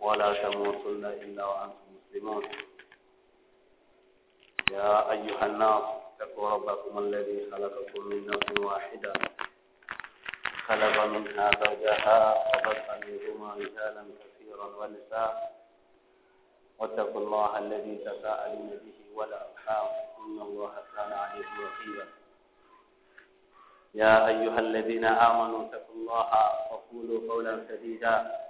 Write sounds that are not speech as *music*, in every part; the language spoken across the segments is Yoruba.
ولا تموتن إلا وأنتم مسلمون يا أيها الناس اتقوا ربكم الذي خلقكم من نفس واحدة خلق منها زوجها وبث منهما رجالا كثيرا ونساء واتقوا الله الذي تساءلون به والأرحام إن الله كان عليكم رقيبا يا أيها الذين آمنوا اتقوا الله وقولوا قولا سديدا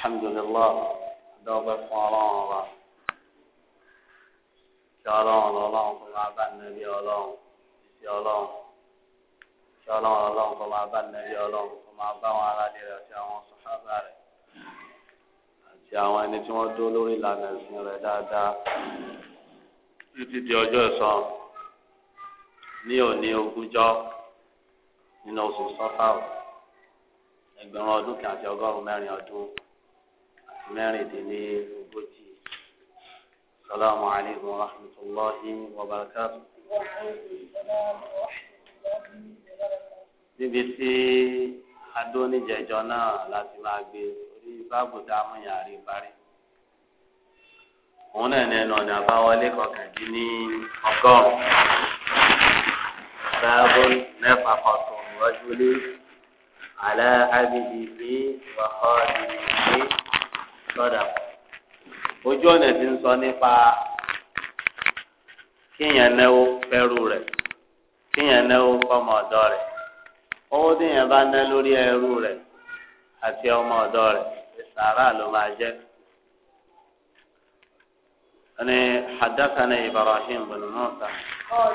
alhamdulillah dọ́gba fún ọlọ́run ọba ṣé ọlọ́run ọlọ́run kò máa bá nẹ́bí ọlọ́run ṣé ọlọ́run ṣé ọlọ́run ọlọ́run kò máa bá nẹ́bí ọlọ́run kò máa bá àwọn aráàlú rẹ̀ àti àwọn sọ̀hábà rẹ̀ àti àwọn ẹni tí wọ́n dó lórí ìlànà ẹ̀sìn rẹ̀ dáadáa títí di ọjọ́ ẹ̀san ní òní ogúnjọ́ nínú oṣù sọ́fà ẹgbẹ̀rún ọdún kan àti ọgọ́rùn-ún mẹ́rin ọdún mẹ́rìndínlẹ́ ogójì salamu alaykum wa rahmatulahi wa barakatu. níbi tí adóníjẹjọ náà láti máa gbé orí báàbù dáàmú yàrá rí parí òun náà ní ẹnu ọ̀nà àbáwọlé kọkàndínní ọgọ́rùn-ún báàbù mẹ́fà kọ̀ọ̀tún rọ́júlé alẹ́ ábídìí wàhálà ìdílé. lọ́dà ojú ọ̀nà ti ń sọ nípa kíyàn náwó fẹ́rù rẹ̀ kíyàn náwó fọmọ ọ̀dọ́ rẹ̀ owó tíyàn bá ná lórí ẹrú rẹ̀ àti ọmọ ọ̀dọ́ rẹ̀ sàrà ló máa jẹ́. أنا حدثنا إبراهيم بن موسى قال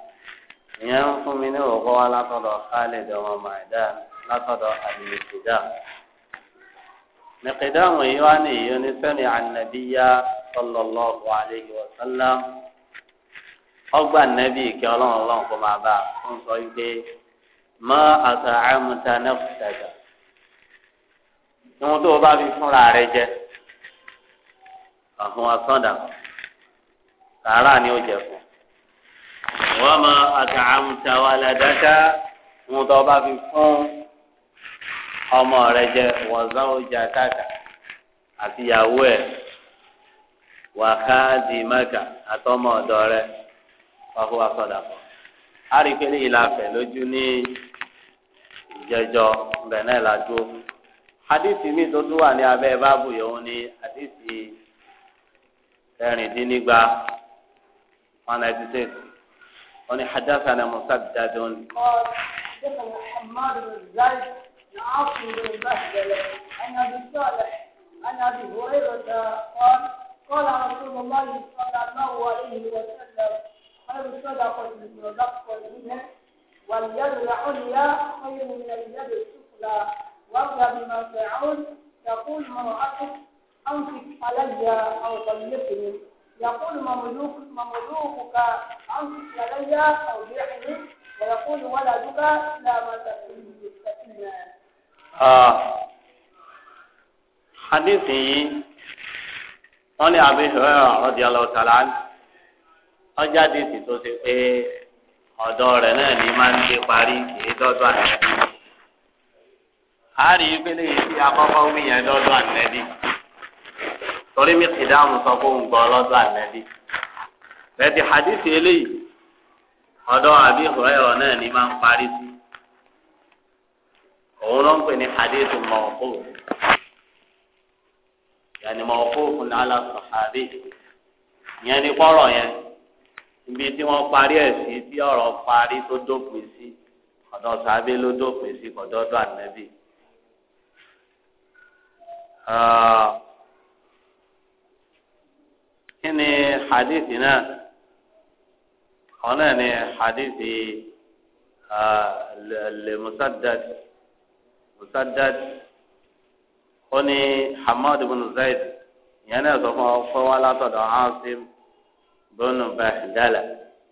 ìyẹn ń fún mi ní òkú wa látọ̀dọ̀ Khalid ọmọ Maida látọ̀dọ̀ àdìmẹ̀kìdá mẹ̀kìdá àwọn èyí wá ní èyí onífẹ́mi ànàbíyá sallallahu alayhi wa sallam ọgbà nẹ́bí ìkẹ́ ọlọ́run ọlọ́run kó máa bá a ń sọ wípé mọ àtà àmúta nẹ́fùtàgà ohun tó o bá fi fúnra rẹ jẹ àwọn asọ́dà sàárà ni ó jẹ fún wọ́n máa àtàmùtà wà ládàkà wọn tó bá fi fún ọmọ rẹ jẹ wọ́n zan ojà kàkà àti ìyàwó ẹ̀ wàkàdì mẹ́kà àtọmọ ọ̀dọ́ rẹ wàhùn àsọdà a rí pé ní ìlàfẹ́ lójú ní ìjẹjọ bẹ́ẹ̀ náà la dúró mi tó tún wà ní abẹ́ báàbù yòówù ní hadisi ẹ̀rìndínnígba one ninety six. قال حدثنا مسدد قال حدثنا حماد بن زيد عاصم بن مهدل عن ابي صالح عن ابي هريره قال قال رسول الله صلى الله عليه وسلم خير الصدقه المرزق منه واليد العليا خير من اليد السفلى وابدا بما تعون تقول مرأتك أنفق علي أو طلقني يقول مملوك مملوكك أنفق لدي أو بيعني ويقول ولدك لا ما تستثنى آه حديث yìí wọ́n ní àbí ìṣòro ọ̀rọ̀dì ọlọ́ọ̀tàlá ọjà dìtì tó ṣe pé ọ̀dọ́ rẹ̀ náà ní máa ń gbé parí kìí dọ́dọ̀ ànẹ́bí. a rí i pé lè fi akọ́kọ́ wíyẹn dọ́dọ̀ ànẹ́bí torí mi ti dáhùn sọ fún un gbọ́ lọ́dọ̀ ànábì bẹ́ẹ̀ni hadith eléyìí ọ̀dọ̀ àbí ìhùrẹ́rọ̀ náà ni máa ń parí sí òun ló ń pè ní hadith mọ̀ọ́kù yàní mọ̀ọ́kù fún ala sọ̀hábì ìyẹn ní kọ́rọ̀ yẹn ibi tí wọ́n parí ẹ̀ sí tí ọ̀rọ̀ parí tó dópin sí ọ̀dọ̀ sàbí ló dópin sí kọ̀dọ̀dọ̀ ànábì kíni hadithi náà wọn náà ni hadithi le musaddad musaddad ó ní hamad bin zayd ìyẹn náà sọ fún ọ fún wa látọ̀dọ̀ asim bonu bahdala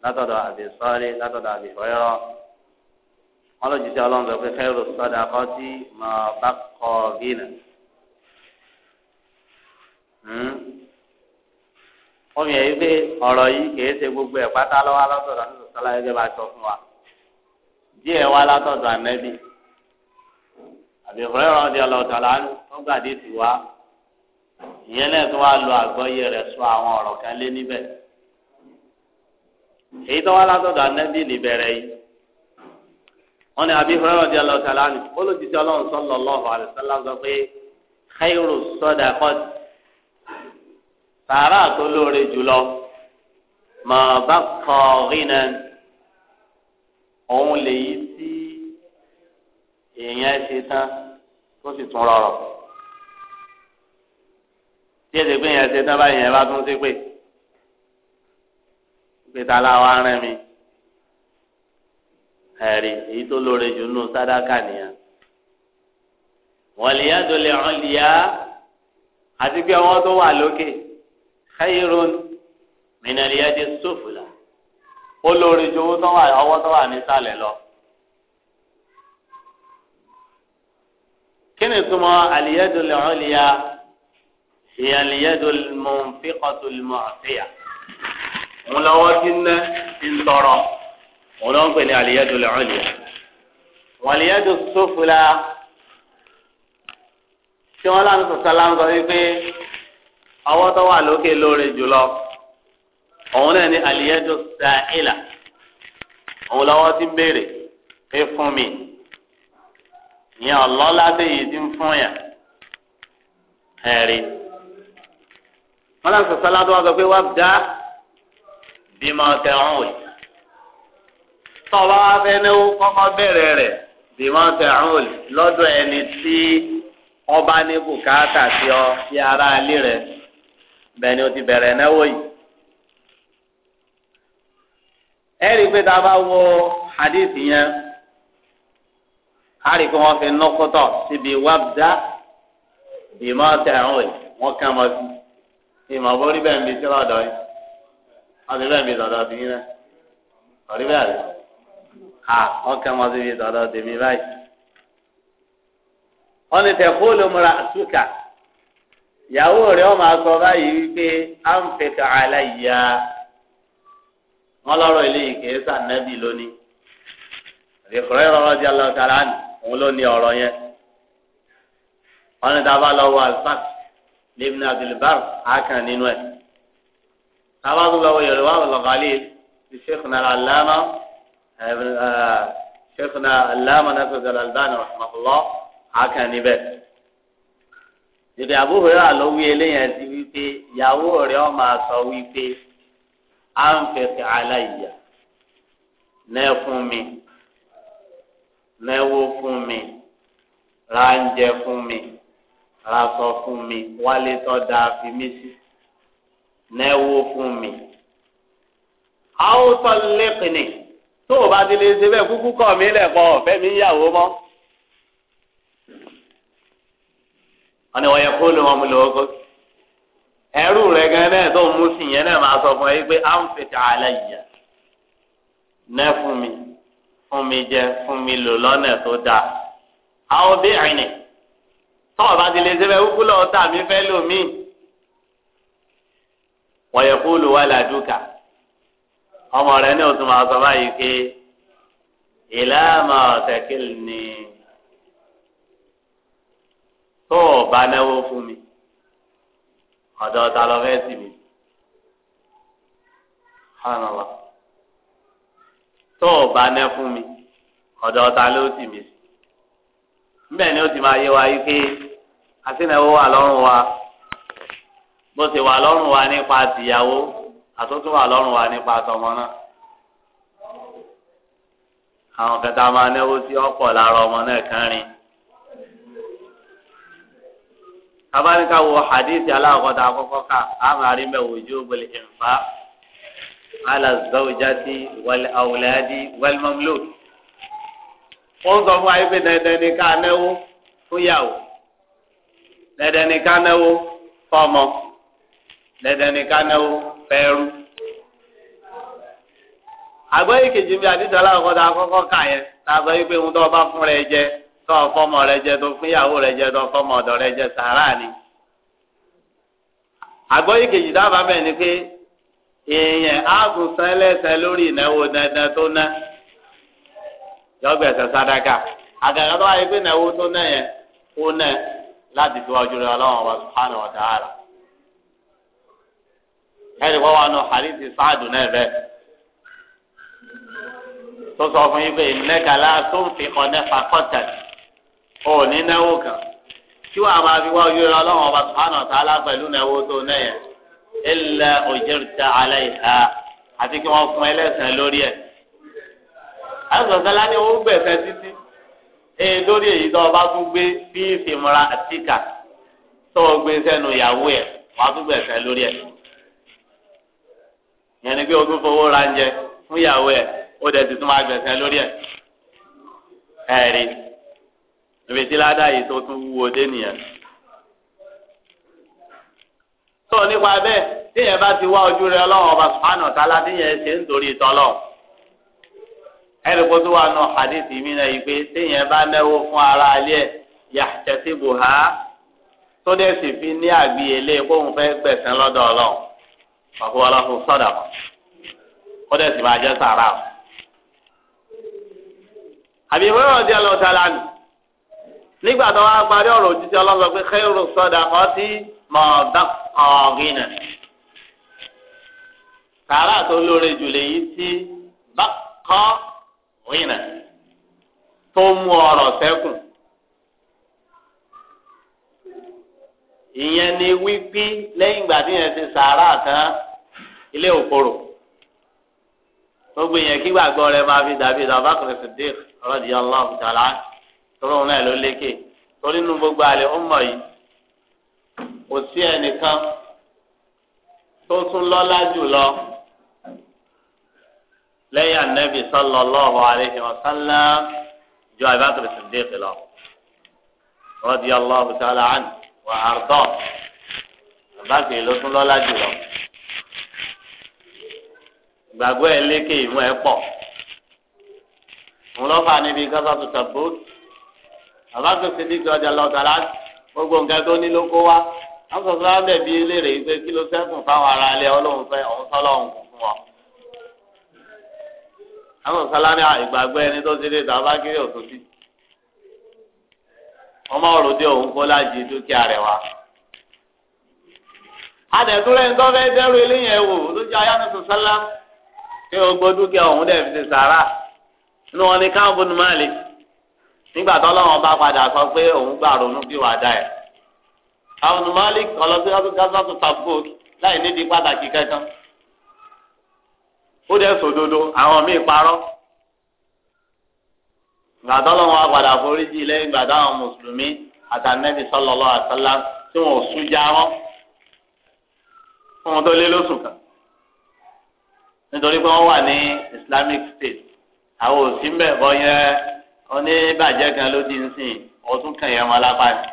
látọ̀dọ̀ àbí sọ́ọ́lì látọ̀dọ̀ àbí fọ́yọ́ wọn lọ jíjẹ ọlọ́run sọ pé khairu sadaqati ma baqa bina. Hmm? wọ́n mi yẹ pé ọ̀rọ̀ yìí kìí ṣe gbogbo ẹ̀ pátá lọ́wọ́ alátọ̀dọ̀ àti sọ̀tàlá gẹ́gẹ́ bá sọ fún wa díẹ̀ wá látọ̀dọ̀ ànẹ́bí àbí ìfúrẹ́ ọ̀rọ̀ di ọlọ́ọ̀tà lánàá wọ́n gbàdí ti wá ìyẹn náà tó wá lo àgbọ́yé rẹ̀ sọ àwọn ọ̀rọ̀ kan lé níbẹ̀ èyí tó wá látọ̀dọ̀ ànẹ́bí níbẹ̀rẹ̀ yìí wọ́n ní àbí ìfúrẹ́ ọ̀rọ̀ di lánàá sàárà tó lóore jùlọ màá bá kọ́ rínà òun lè yí sí èèyàn ṣe tán tó sì tún rọrọ tí ẹ ti pé èèyàn ṣe tán báyìí yẹn bá tún sí pé pété aláwa rẹ mi ẹ̀rí èyí tó lóore jù nù sádàkà nìyẹn wọ́n lè yá dolè hàn lìyá àti pé wọ́n tó wà lókè khayrun min al-yadi as-sufla ó lórí ju owó tó wà ọwọ́ tó wà nísàlẹ̀ lọ. kí ni túmọ̀ al-yadu al-ulya hiya al-yadu lọ́wọ́ tí ná ti ń tọrọ òun lọ́wọ́ ń pè ní al-yadu al-ulya wal tí wọ́n láǹtọ̀ sọ́lá ń sọ wípé ọwọ́ tó wà lókè lóore jùlọ òun náà ni àlìyẹ́dù sàìlà òun lọ́wọ́ ti ń béèrè pé fún mi ìyẹn ọ̀lọ́lá tó yìí ti ń fún yàn ẹ̀rí. wọ́n lọ sọ̀sọ́ ládùn wọn sọ pé wọ́n dá bímọ tẹ̀hún wò tọ́ba fẹ́ náwó kọ́kọ́ bẹ̀rẹ̀ rẹ̀ bímọ tẹ̀hún lọ́dọ̀ ẹni tí ọba ní bùkátà sí ọ sí ara ilé rẹ̀. bẹ́ẹ̀ ni o ti bẹ̀rẹ̀ náwó yìí. ẹ pé tá a bá wo hadith yẹn a rí i pé wọ́n fi nọ́kọ́tọ̀ síbi wábdá kàn sí borí ń bi sílọ̀ dọ̀ yìí wọ́n ti ń bi náà kàn síbi báyìí. ìyàwó rẹ ọmọ akọ báyìí wípé à ń fẹkẹ aláìyá wọn lọ́rọ̀ eléyìí kìí sànẹbì lónìí ìkọrẹ rọrọ di ọlọtara ni òun ló ní ọ̀rọ̀ yẹn wọn ní tábà lọ wọ alfaq ibn abdulbar akàn nínú ẹ tábà tó lọ wọ yorùbá ọlọkàlì sheikhna alama eh, eh, sheikhna alama nasir al-Albani rahmatullah akàn níbẹ̀ ìdè àbúrò àlọ́ wí eléyàn ti wípé ìyàwó rẹ̀ ọ́ máa sọ wípé à ń fẹsẹ̀ aláìyá náà fún mi náà wó fún mi ra ń jẹ fún mi ra sọ fún mi wálé tó dáa fi mí sí náà wó fún mi. àwòtọ́ lẹ́kìnì tó o bá ti lè ṣe bẹ́ẹ̀ kúkú kọ́ mi lẹ́kọ̀ọ́ fẹ́mi yàwó mọ́. wọn ni wọn yẹ kó ló wọn mú lọ kó ẹrú rẹ gan náà tó mú sí yẹn náà máa sọ fún ẹ pé à ń fètè àlẹ yìí ná fún mi fún mi jẹ fún mi lò lọ́nà tó dáa àwọn bí àìní tọ́wọ́ bá ti lè ṣe bẹ́ẹ̀ wúkú lọ́wọ́ tà mí fẹ́ lò mí wọ́n yẹ kó wà ládùúkà ọmọ rẹ náà tún máa sọ báyìí pé ìlànà ọ̀tẹ̀kìlì ni tó o bá náwó fún mi ọ̀dọ̀ ta lọ fẹ́ sí mi hànàlá tó o bá ná fún mi ọ̀dọ̀ ta ló sì mi mbẹ ni ó ti máa yé wa yìí pé asínáwó wà lọ́rùn wa bó ti wà lọ́rùn wa nípa tìyàwó àtúntò wà lọ́rùn wa nípa tọmọ náà àwọn kẹta máa náwó sí ọ̀pọ̀ lára ọmọ náà kẹrin. tabarika wo hadithi alakota àkọ́kọ́ ka amari mẹ wujubul infaq ala zawjati wal awladi wal mamluk ó ń sọ fún ayé pé dandan ni ká náwó fún yàwó dandan ni ká náwó fọ́mọ dandan ni ká náwó fẹ́rú yẹn tá a ń tọ́ ọba fúnra ẹ jẹ. tó fọmọ rẹ jẹ tó fún ìyàwó rẹ jẹ tó fọmọ ọdọ rẹ jẹ sàárà ni. àgbọ́yé kejì dábàá bẹ́ẹ̀ ni pé èèyàn áàbù san lẹ́sẹ̀ lórí ìnáwó dandan tó ná yọgbẹ̀sẹ̀ sádàkà àgàgà tó wáyé pé ìnáwó tó ná yẹn ó ná láti fi wájú rẹ wa ẹnì wọ́n nù sáàdù náà bẹ́ẹ̀ tó sọ fún yín pé ìnẹ́kàlá tó ń fi kọ́ nẹ́fà ò ní náwó kan tí wàá máa fi wá ojú rẹ ọlọ́run ọba subhanahu wa ta'ala pẹ̀lú náwó tó náyẹ illa ujirta alayha àti kí wọ́n fún ẹlẹ́sìn lórí ẹ̀. àìsànsálá ni ó gbẹ̀sẹ̀ títí ee lórí èyí tó ọba tún gbé bí ìfìmúra àtìkà tó o gbé sẹ́nu ìyàwó ẹ̀ wàá tún gbẹ̀sẹ̀ lórí ẹ̀. ìyẹn pé o tún fowó ra fún ìyàwó ẹ̀ ó dẹ̀ ti tún máa gbẹ̀sẹ̀ lórí ẹ̀. ẹ̀rí níbi tí ládàá yìí tó tún wúwo dé nìyẹn. tó nípa bẹ́ẹ̀ tíyẹn bá ti wá ojú rẹ ọlọ́run ọba subhanahu wa ta'ala tíyẹn ṣe ń torí ìtọ́lọ̀ ẹnì kó tó wà nù hadith mi náà yìí pé tíyẹn bá náwó fún ara alẹ́ ẹ̀ yahtasibuha tó dẹ̀ sì fi ní àgbéyẹlé kóun fẹ́ gbẹ̀sán lọ́dọ̀ ọlọ́run ọ̀pọ̀ ọlọ́run sọ̀dà kó dẹ̀ sì máa jẹ́ sàrà. àbí ìwé ọ̀dẹ́ ọlọ́ta lánàá nígbà tó wá parí ọ̀rọ̀ òjijì ọlọ́sọ pé khairu sadaqati ma baqa ghina sàrà tó lóore jù lè yí sí baqa ghina tó mú ọ̀rọ̀ sẹ́kùn. ìyẹn ni wípé lẹ́yìn ìgbà tí yẹn ti sàrà tán ilé òkòrò gbogbo yẹn kí gbàgbọ́ rẹ máa fi dàbí dàbá kìrìsìdì radiyallahu ta'ala torí òun náà ló lékè torí nu gbogbo àlè ó mọ̀ yìí kò sí ẹnìkan tó tún lọ́lá jù lọ lẹ́yìn anabi sallallahu alayhi wa sallam ju abakar siddiq lọ radiyallahu ta'ala anhu wa ardọ́ abakar ló tún lọ́lá jù gbàgbọ́ ẹ lékè ìmú ẹ pọ̀ òun níbi gásàtú tàbóòtù bàbá tó ṣe dídì ọjà lọ́tà láti gbogbo nǹkan tó ní ló kó wa wọn sọ fún abẹ bíi léèrè pé kí ló sẹ́kùn fáwọn ará ilé ọlọ́run fẹ́ ọ̀hún sọ́lọ́run kún fún wọn. àwọn sálámì ìgbàgbọ́ ẹni tó ṣe dé tàbí bá kiri òtútù wọn máa rò dé òun kó láti dúkìá rẹ̀ wá adẹ̀túrẹ́ ń tọ́fẹ́ dẹ́rù eléyẹn wò lójú ayánusùn sálá kí o gbọ́ dúkìá òun dẹ̀ fi ṣe sàárà inú wọn ni káàbùn máàlì nígbà tó lọ́wọ́ bá padà sọ pé òun gbà ronú bí wàá dá ẹ̀. àwọn malik ọlọ́sí ọdún gaza tó tabuk láì nídìí pàtàkì kankan. ó dẹ̀ sòdodo àwọn míì parọ́. ìgbà tó lọ́wọ́ bá padà foríjì lẹ́yìn ìgbà táwọn mùsùlùmí àtànẹ́bí sallallahu alaihi wasallam tí wọn sún já wọn. fún tó lé lóṣù kan. nítorí pé wọ́n wà ní islamic state àwọn òsínbẹ̀ bọ́ yẹn oníbàjẹ́ kan ló ti ń sìn ọtún kan yẹn wọn alápá ni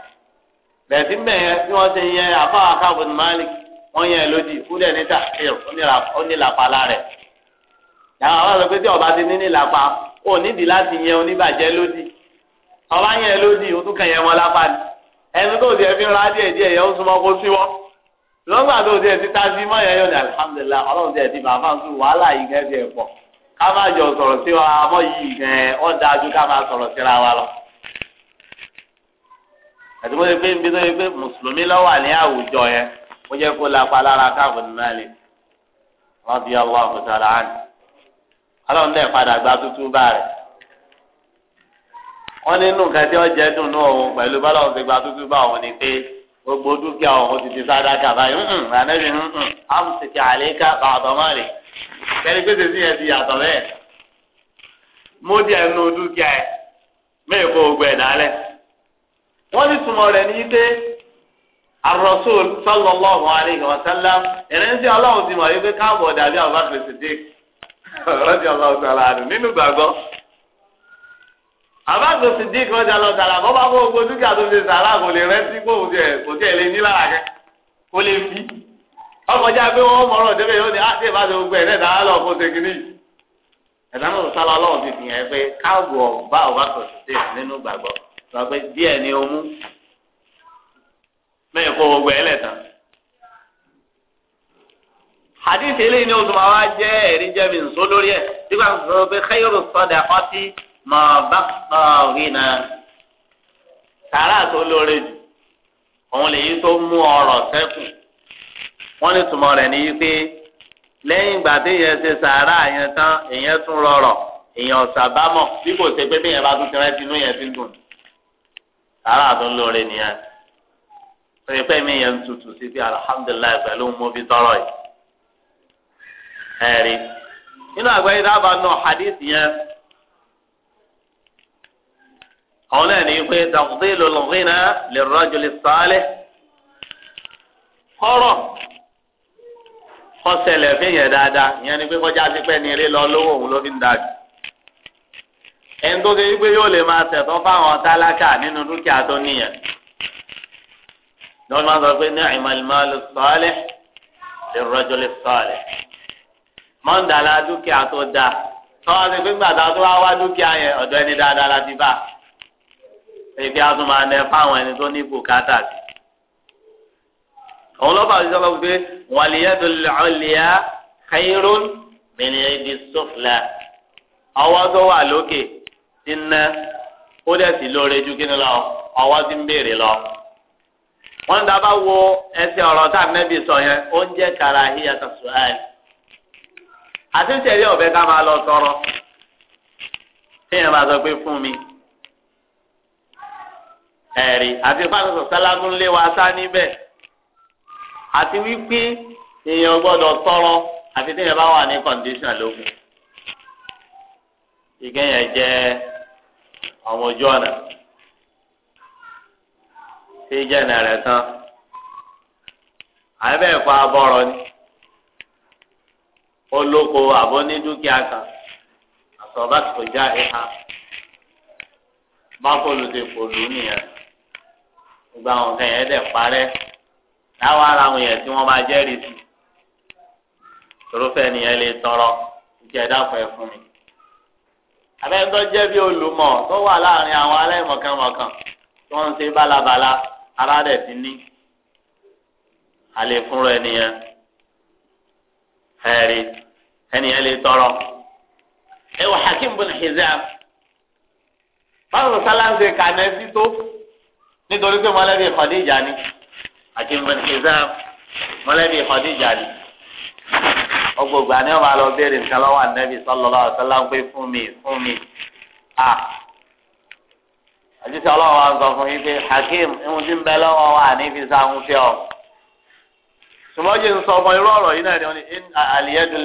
bẹ̀ẹ̀sì ń bẹ̀yẹn bí wọ́n ti yẹ afa akábùn malik wọ́n yẹn lódì kúlẹ̀ ní tàkìr onílàpá lárẹ̀ yàrá wọn sọ pé tí ọba ti ní nílàpá ó nídìí láti yẹ oníbàjẹ́ lódì ọba yẹn lódì ọtún kan yẹn wọn alápá ni ẹni tó tiẹ̀ fi ń ra díẹ̀ díẹ̀ yẹn ó súnmọ́ kó sí wọn lọ́gbà tó tiẹ̀ ti ta sí mọ́ yẹn yóò ní alihamudulilayi ọlọ́run tiẹ̀ ti bàbá ń sùn wàhálà yìí kẹ́ tiẹ̀ pọ̀ ká má jọ sọ̀rọ̀ sí wa àmọ́ yìí gan ọ dájú ká má sọ̀rọ̀ síra wa lọ. wọ́n ti pé nbí tó yẹ pé mùsùlùmí lọ́wọ́ ní àwùjọ yẹn ó jẹ́ kó lápá lára káàbùn náà lè rọ́bì ọlọ́ọ̀kú sára hàn. ọlọ́run náà padà gba tuntun bá rẹ̀. wọ́n ní nǹkan tí wọ́n jẹ́ dùn ní òun pẹ̀lú ti gba bá òun ni pé gbogbo dúkìá òun ti ti kẹ́ni pé tètè yẹn ti yàtọ̀ bẹ́ẹ̀ mo di ẹnu dúkìá ẹ̀ mẹ́ẹ̀ kó gbẹ̀ dálẹ̀ wọ́n ní túmọ̀ rẹ̀ ní pé arọ́sọ́l sọ́lọ́lọ́hùn aláìhìn ọ̀sánlá ìrìnsẹ̀ ọlọ́run ti mọ̀ wípé káàbọ̀ dàbí àwọn bá fèsì dé rọ́jà ọlọ́run sọ̀rọ̀ àdùn nínú gbàgbọ́ àbáṣe sìdíkì ọjà lọ sàrà bọ́ bá kó gbogbo dúkìá tó ṣe sàrà kò lè rẹ́ sí kó o jẹ kò jẹ lè kẹ kó lè fi ọkọjá pé wọn mọrọ débẹ̀ yóò ní àti ah, ìbáṣe gbogbo ẹ lẹdá lọ kó ṣe náà sálọ Ọlọ́run ti fìyàn pé káàbù ọba ọba kò sí sí nínú gbàgbọ́ sọ pé díẹ̀ ni o mú mẹ́rin kó gbogbo ẹ hadith eléyìí ni o tún wá jẹ ẹ̀rí jẹ mi nsọ lórí ẹ nígbà tó sọ pé khayru sadaqati ma baqa ghina sàrà tó lóore jù òun lè yí tó mú ọrọ̀ ṣẹ́kù wọ́n ní tùmọ̀ rẹ̀ ní wípé lẹ́yìn ìgbà téèyàn ṣe sàárà yẹn tán èèyàn tún rọrọ̀ èèyàn ṣàbámọ̀ bí kò ṣe pé téèyàn bá tún ti rántí inú yẹn ti ń dùn sàárà tó ń lóore nìyẹn pé pé mi yẹn ń tutù sí pé alihamudulilayi pẹ̀lú mo fi tọrọ yìí ẹ̀rí nínú àgbáyé dábàá nù hadith yẹn àwọn náà ní pé tàkùtì lòlùkì náà lè rọ́jò lè sálẹ̀ kọ́rọ̀ kọ́sẹ̀lẹ̀ fẹ́yẹ̀ dáadáa ìyẹn ni pé kọjá sí pẹ́ ní eré lọ lówó òun ló fi ń dàgbé. ẹni tó ṣe wípé yóò lè máa ṣẹ̀tọ́ fáwọn tálákà nínú dúkìá tó níyẹn. lọ́wọ́ sọ pé ní ìmọ̀lẹ́mọ́lẹ́ sọ́ọ́lẹ̀ lè rọ́jòlè sọ́ọ́lẹ̀. mọ́ńdàlá dúkìá tó dáa tọ́wọ́ ṣe pé gbàdá tó wá wá dúkìá yẹn ọ̀dọ̀ ẹni dáadáa láti bá. èyí àwọn ọlọ́pàá àti sọ́kọ́ pé wàlíyàdùn lọ́ọ̀lìyà khairun min yadi sufla ọwọ́ tó wà lókè ti ná ó dẹ̀ sì lóore ju kíni lọ ọwọ́ ti ń béèrè lọ. wọ́n dábàá wo ẹsẹ̀ ọ̀rọ̀ tá a nẹ́bi sọ yẹn oúnjẹ kara hiyata suhal àti ń tẹ̀lé ọ̀bẹ ká máa lọ tọrọ téèyàn àti fásitì sálámù lé wa sá níbẹ̀ àti wípé èèyàn gbọ́dọ̀ tọrọ àti téèyàn bá wà ní kọ̀ǹdíṣàn lókun ìkẹyìn jẹ ọmọ ojú ọ̀nà tí jẹ́nà rẹ̀ tán àbẹ̀fọ́ abọ́rọ̀ ni olóko àbọ̀ ní dúkìá kan àtọ̀bá tó já ìhà bákòlù ti pòlù nìyẹn gbogbo àwọn kẹyìn ẹ̀ dẹ̀ parẹ́ táwa ara àwọn yẹn tí wọn máa jẹ́rìí sí torofẹ nìyẹn lè tọrọ jẹ dáfọ ẹ fún mi abẹ́ńtọ́ jẹ́ bí olùmọ̀ tó wà láàrin àwọn aláìmọ̀kànmọ̀kàn tí wọ́n ń ṣe bálabàla ara rẹ̀ ti ní àlè fúnra ẹnìyẹn ẹ̀rí ẹnìyẹn lè tọrọ ẹ wọ Hakim bin Hizam báwo sálá kànẹ́sí tó nítorí pé mọ́lẹ́bí Khadija ni àti mọ̀nìkìzám mọ̀lẹ́bí Khadija ni ọgbọgba ni wọn máa lọ béèrè nǹkan lọ́wọ́ ànábì sallallahu alaihi wasallam pé fún mi fún mi à àjùsọ ọlọ́wọ́ wa sọ fún yín pé hakeem ihun tí ń bẹ lọ́wọ́ wa níbi sáhùn fẹ́ ọ. sùmọ́jì ń sọ ọmọ irú ọ̀rọ̀ yìí náà ni wọ́n ní àlìyẹ́dù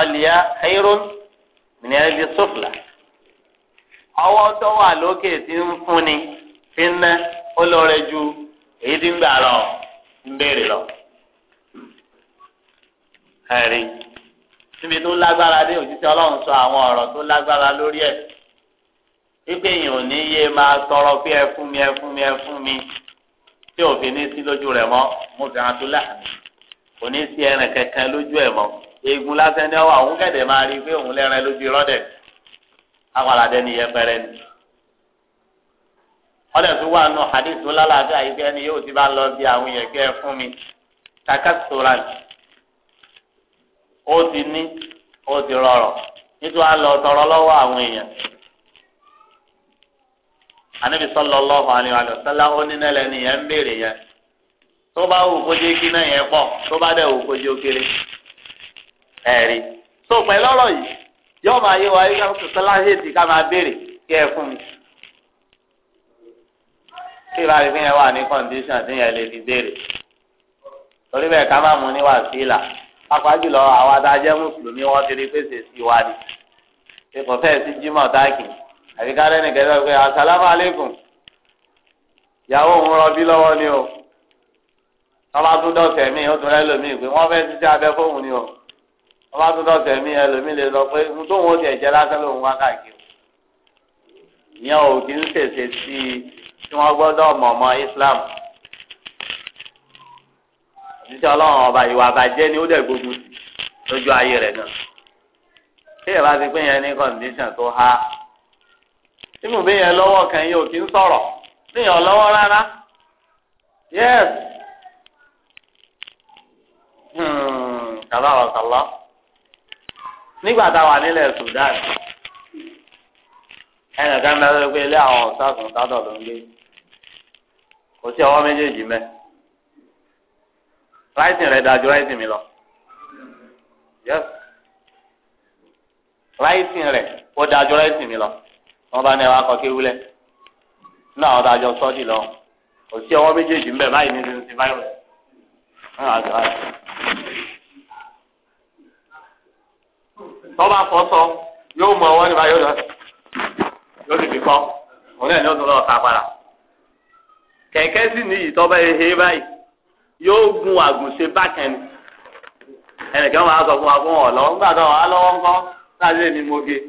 ọ̀lìyá khairun min ẹ̀dì sufla. ọwọ́ tó wà lókè tí ń fúnni fi ń ná ó lọ rẹ ju èyí tí ń gbà lọ ń béèrè lọ. ẹ̀rí níbi tó lágbára dé òjíṣẹ́ ọlọ́run sọ àwọn ọ̀rọ̀ tó lágbára lórí ẹ̀ wípé èèyàn ò ní yé máa tọrọ pé ẹ fún mi ẹ fún mi ẹ fún mi tí òfin ní sí lójú rẹ̀ mọ́ mo fi hàn tó láàmì kò ní sí ẹran kankan lójú ẹ̀ mọ́ eegun lásán ní ọwọ́ àwọn kẹ̀dẹ̀ máa rí pé òun lẹ́ran lójú irọ́ dẹ̀ apàlàdé ni yẹpẹrẹ ni ọdẹ tó wà nù hadith tó lálàáfíà yìí yóò ti lọ bí àwọn yẹn kẹ́ ẹ fún mi kàkà sora jù ó ti ní ó ti rọrọ nítorí wàá lọ tọrọ lọ́wọ́ àwọn èèyàn anabi sallallahu alaihi wa sallam onínẹlẹ nìyẹn ń béèrè yẹn tó bá wù kí náà yẹn tó bá wù tí ìbá rí fihàn wà ní kọ́ndíṣàn tí yẹn lè fi béèrè torí bẹ́ẹ̀ ká má mú ní wàsílà pápá jùlọ àwọn adájẹ́ mùsùlùmí wọ́n ti rí pèsè sí wa ni ipò fẹ́ẹ̀ sí jimoh táàkì àbí kárẹ́ nìkan sọ pé asalaamu aleykum ìyàwó òun rọbí lọ́wọ́ ni o tọ́lá tún dọ̀sẹ̀ mí ó tún rẹ́ lómi pé wọ́n fẹ́ẹ́ ṣiṣẹ́ abẹ fóun ni o tọ́lá tún dọ̀sẹ̀ mí ẹlòmí lè sọ pé ohun tóun ó tiẹ̀ jẹ́ lásán lòun wá káàkiri ìyẹn ò kí ń ṣèṣe sí i tí wọ́n gbọ́dọ̀ mọ̀mọ́ Islam jíjẹ́ ọlọ́run ọba ìwà àbàjẹ́ ni ó dẹ̀ gbogbo sí lójú ayé rẹ̀ náà tí ìyẹn bá ti pín yẹn ní condition tó há tí mo bí yẹn lọ́wọ́ kan yóò kí ń sọ̀rọ̀ níyàn lọ́wọ́ rárá yes hmm, kàlá ọ̀sán lọ nígbà tá a wà nílẹ̀ Sudan ẹnì kan bá wọlé pé ilé àwọn ọ̀sán sádọ̀ ló ń gbé kò sí ọwọ́ méjèèjì mẹ́ ráìsìn rẹ̀ dájú ráìsìn mi lọ yes rẹ̀ ó dájú ráìsìn mi lọ wọ́n bá ní ẹwà kọ́ kéwúlẹ̀ ní àwọn dájọ́ sọ́ọ̀dì lọ kò sí ọwọ́ méjèèjì mẹ́ báyìí ní sinsin báyìí tọ́ba fọ́ yóò mú ọwọ́ nípa yóò lọ. yóò sì fi kọ́ òun náà ni ó tún lọ́ọ́ ta padà. kẹ̀kẹ́ sì ní ehe báyìí yóò gun àgùnṣe bákẹ́ni ẹnìkan máa sọ fún wa fún ọ̀ nígbà tó wà lọ́wọ́ ńkọ́ láti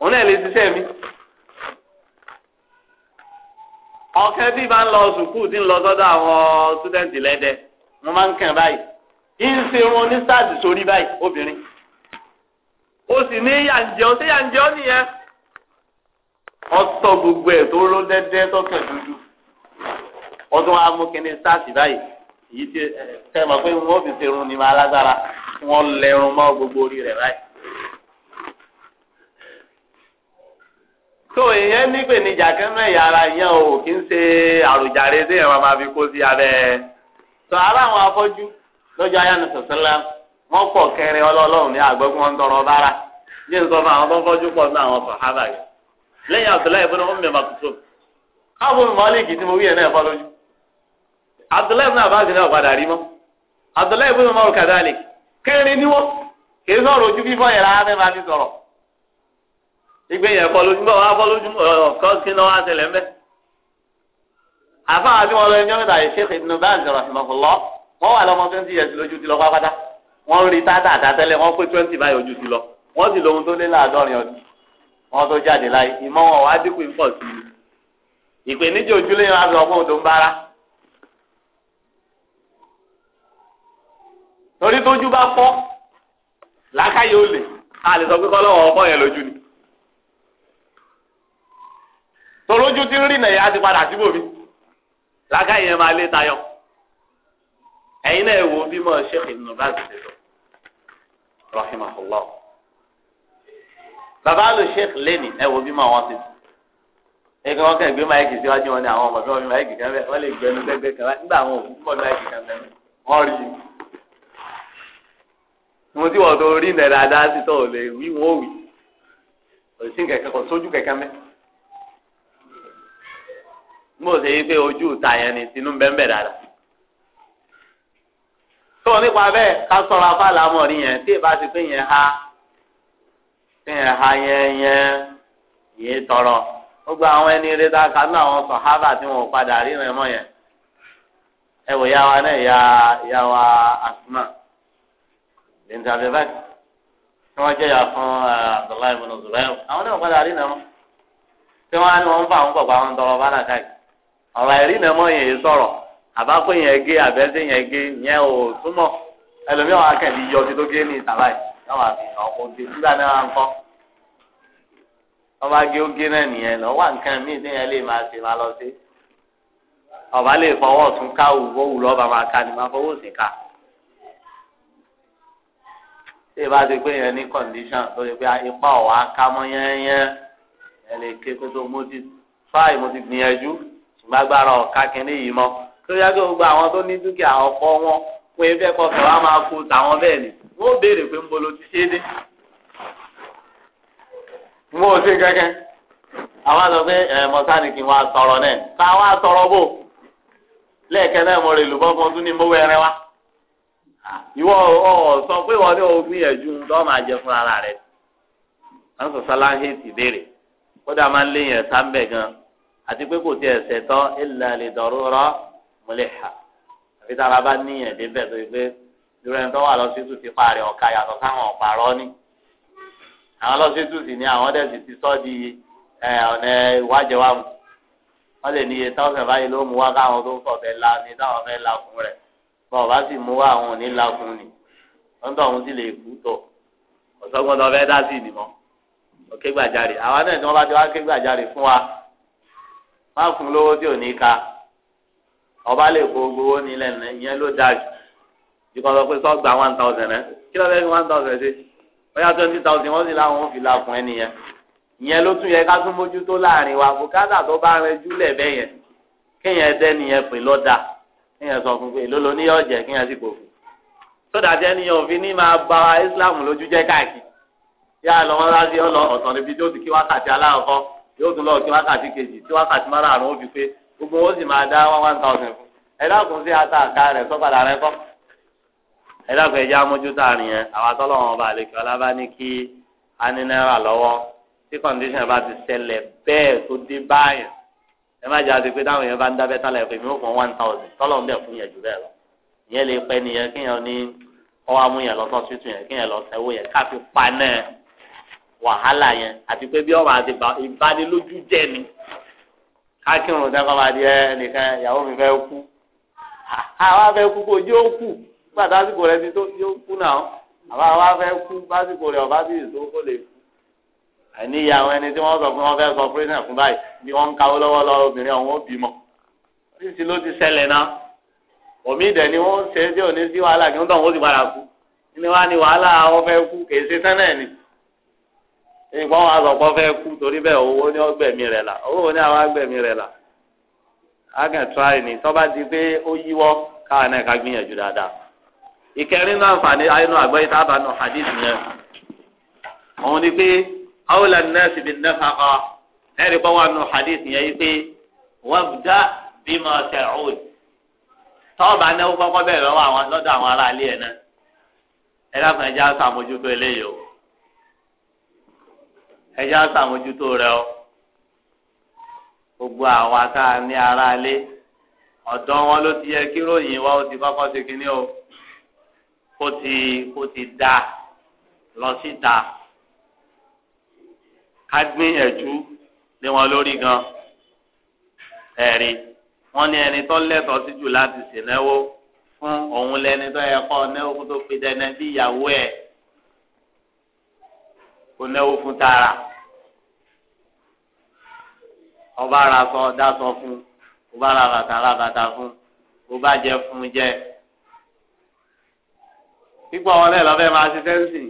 òun náà lè ṣiṣẹ́ mi. ọ̀kẹ́ bí ń lọ sùkúù tí ń lọ sọ́dọ̀ àwọn sítẹ́ǹtì lẹ́dẹ̀ mo máa ń kàn báyìí ń ṣe wọn ní sáàsì sórí báyìí obìnrin ó sì ní yànjẹun sí yànjẹun nìyẹn ọtọ gbogbo ẹ tó ló dẹdẹ tọkàn dúdú ọdún amúkíní sáàsì báyìí èyí tí ẹ mọ̀ pé wọn ò fi ṣerun ní ma alágbára wọn lẹrun gbogbo orí rẹ̀ báyìí. tó ìyẹn nígbèníjà kẹ́mẹ́ ìyára yẹn o kì í ṣe àròjàre tí ìyẹn ma kó sí abẹ́ sọ ara àwọn afọ́jú lọ́jọ́ ayánu sọ̀sẹ́lá wọ́n pọ̀ kẹrin ọlọ́ọ̀lọ́run ní àgbẹ̀kún wọn tọrọ bára ní fún àwọn pọ̀ àwọn yẹn lẹ́yìn káàbù tí mo wí yẹn náà lójú náà ìgbéyẹn fọ lójúmọ́ wọn fọ lójúmọ́ ọ̀kan kí ni wọ́n á tẹ̀lé ń bẹ́. àfáà tí wọn lọ ẹjọ́ mẹ́ta yìí Sheikh Ibn Baz rahimahullah wọ́n wà lọ́mọ twenty years lójú ti lọ pátápátá wọ́n rí tádà àtàtẹ́lẹ̀ wọ́n pé twenty báyìí ojú ti lọ wọ́n sì lóhun tó lé láàdọ́rin ọdún wọ́n tó jáde láyé ìmọ̀ wọn wá dínkù ń pọ̀ sí i ìpèníjà ojúlé yẹn wá sọ fún òdo ń bára. torí tójú bá fọ́ làákàyè ó lè a lè sọ pé kọ́ lọ́wọ́ ọkọ yẹn lójú ni. torójú tí ń rí nàyà ti padà síbò mi lákàyè yẹn máa lé tayọ ẹ̀yin náà wo bímọ sheikh ibn baz ṣe lọ rahimahullah bàbá lu sheikh lẹni ẹ wo wọn ti wọn kàn gbé máìkì síwájú wọn ni àwọn ọmọ tí wọn fi máìkì kan bẹ wọn lè gbẹnu gbẹgbẹ kan nígbà àwọn òkú pọ máìkì kan bẹ wọn rí i mo ti mo ṣe yí ojú ìta yẹn ni tinú bẹ́ẹ̀ dára. tó nípa bẹ́ẹ̀ ká sọ̀rọ̀ rí yẹn tí ìbá ti pín yẹn ha pín yẹn ha yẹn yẹn yìí tọrọ gbogbo àwọn ẹni rẹ dáa kanú àwọn harvard tí wọn ò padà ríran yẹn ẹ wò yá wa náà wa asuma fún Abdullahi ọ̀rọ̀ àìrìnàmọ́ yẹn sọ̀rọ̀ àbákò yẹn gé àbẹ́sẹ̀ yẹn gé yẹn ò túmọ̀ ẹlòmíì àwọn akẹ́lẹ́ yọ ti tó gé ní ìsàlá yìí láwọn àfihàn ọkọ̀ òde nígbà náà ń kọ́ ọba gé ógé náà nìyẹn lọ wà nǹkan míì tí yẹn lè máa ṣe máa lọ sí ọba lè fọwọ́ tún ká òwò wù lọ́ba máa ka ni máa fọwọ́ sí ká tí ìbá ti pé yẹn ní kọ̀ǹdíṣàn tó lè pé ipá ọ̀wá ká mọ́ yẹ́nyẹ́ ẹ lè ké kó tó mo ti fáì mo ti gbìyànjú gbàgbára ọ̀ka kínní yìí mọ́ tó yá gbogbo àwọn tó ní dúkìá ọkọ wọn fún ẹgbẹ́ kọsọ̀ wa máa kó tàwọn bẹ́ẹ̀ ni wọ́n béèrè pé ń bolo ti ṣe dé. mo ò sí kankan àwọn àti pé ẹ mọ̀sánì kí wọ́n náà ká wọ́n á bò lẹ́ẹ̀kẹ́ náà mo rè lùbọ́ kan tún ní mowó ẹran wa. ìwọ ọ sọ pé wọn ní ogún yẹn tó máa jẹ fún ara rẹ. àwọn sọ̀sọ́ láńhẹ́ẹ̀tì béèrè kódà máa ń léyìn ẹ̀ sáńbẹ̀ gan àti pé kò tiẹ̀ ṣẹ̀tọ́ illa li darura muliha àfi tára bá níyàn débẹ̀ tó yẹ pé ìrẹ́ tó wà lọ́sítù ti parí ọ̀ka yàtọ̀ sáwọn ọ̀pàrọ̀ ni àwọn lọ́sítù sì ni àwọn dẹ̀ sì ti sọ́ di ọ̀nà ìwájẹ wa mu wọ́n lè ní iye táwọn báyìí ló mú wá káwọn tó sọ̀ bẹ́ẹ̀ la ni táwọn fẹ́ la rẹ̀ bọ́ọ̀ bá sì mú àwọn òní la ni wọ́n ọ̀hún sì má fún lówó tí ò ní ka ọba lè kó gbowó nílẹ̀ ìyẹn ló dáa jù jùkọ́ sọ pé sọ gba one thousand rẹ kí ló fẹ́ fi one thousand ṣe bóyá twenty thousand wọ́n sì láwọn fi la fún ẹni yẹn ìyẹn ló tún yẹ ká tún mójútó láàrin wa kó kádà tó bá rẹ júlẹ̀ bẹ́ẹ̀ yẹn kéèyàn dẹ́ni yẹn pè lọ́dà kéèyàn sọ fún pé èló lo níyọ̀ jẹ́ kéèyàn sì kò fún sódà tí ẹni yẹn ò fi ní máa ba Islam lójú jẹ́ káàkiri yá lọ́wọ́ yóò tún lọ kí wákàtí kejì tí wákàtí márààrún ó fi pé gbogbo wọn sì máa dá one thousand fún ẹ dákun sí ata àká rẹ sọ́padà rẹ kọ́ ẹ dákun ẹ jẹ́ amójútó àrùn yẹn àwọn atọ́lọ́wọ́n ọba àlekí ọlábá ní kí a ní náírà lọ́wọ́ tí condition bá ti ṣẹlẹ̀ bẹ́ẹ̀ tó dé báyìí ẹ má jẹ́ àti pé táwọn èèyàn bá ń dábẹ́ tálẹ̀ pé mi ò fún one thousand tọ́lọ́run dẹ̀ fún yẹn jù bẹ́ẹ̀ lọ ìyẹn lè pẹ́ nìyẹn kéèyàn ní ọwọ́ amúyẹn lọ sọ́sítù yẹn kéèyàn lọ sẹ́wó yẹn káfí pa náà wàhálà yẹn àti pé bí ọmọ àti ìbánilójú jẹ ni kákìrún dákọ̀ máa di ẹ nìkan ìyàwó mi fẹ́ kú àwa fẹ́ kú kó yóò kú nígbà tásìkò rẹ ti tó yóò kú náà àwa àwa fẹ́ kú básìkò rẹ ọba sì tó kó lè kú àníyà àwọn ẹni tí wọ́n sọ fún wọn fẹ́ sọ pírẹ́sìn fún báyìí bí wọ́n ń kawó lọ́wọ́ lọ obìnrin ọ̀hún ó bímọ títí ló ti ṣẹlẹ̀ náà omi ìdẹ̀ ni wọ́n ṣe tí ò ní sí wàhálà kí wọ́n tọ̀ wọ́n ti padà kú ní wàá ní wàhálà wọ́n fẹ́ kú kèé ṣe tán náà ni ìgbọ́n wa sọ̀kọ́ fẹ́ kú torí bẹ́ẹ̀ owó ní ọgbẹ̀mí rẹ̀ là owó ní àwọn agbẹ̀mí rẹ̀ là agẹ̀ tíráì ni tọ́ba di pé ó yíwọ́ káwa náà ká gbìyànjú dáadáa ìkẹrin náà fàní ayélu àgbẹ̀ yìí tábà nù hadith yẹn òun ni pé awolà nẹ́ẹ̀sì bíi nẹ́fàkọ ẹ̀rí bọ́ wà nù hadith yẹn yìí pé wọ́n bímọ tẹ̀hún tọ́ọ̀bà náà kọ́kọ́ bẹ̀rẹ̀ lọ́wọ́ àwọn lọ́dọ̀ àwọn aráalé ẹ̀ náà ẹ̀ láfẹ̀ẹ́ já sàmójútó eléyìí o ẹjẹ àtàmójútó rẹ o gbogbo àwa tá a ní ara lé ọ̀dọ̀ wọn ló ti yẹ kí ròyìn wa ó ti kọ́kọ́ ṣe kínní o ó ti ó ti da lọ síta ká gbìyànjú lé wọn lórí gan ẹ̀rí wọn ní ẹni tó lẹ́tọ̀ọ́ sí jù láti ṣèlẹ́wọ́ fún òun lẹni tó yẹ kọ́ náwó kó tó fi dẹ́nẹ́ bí ìyàwó ẹ̀ kó náwó fún tara ọba ara sọ dasọ fún ọba ara bàtà ara bàtà fún ọba jẹ fún jẹ pípọ̀ wọn lẹ́ẹ̀ lọ́fẹ́ máa ṣe tẹ́sí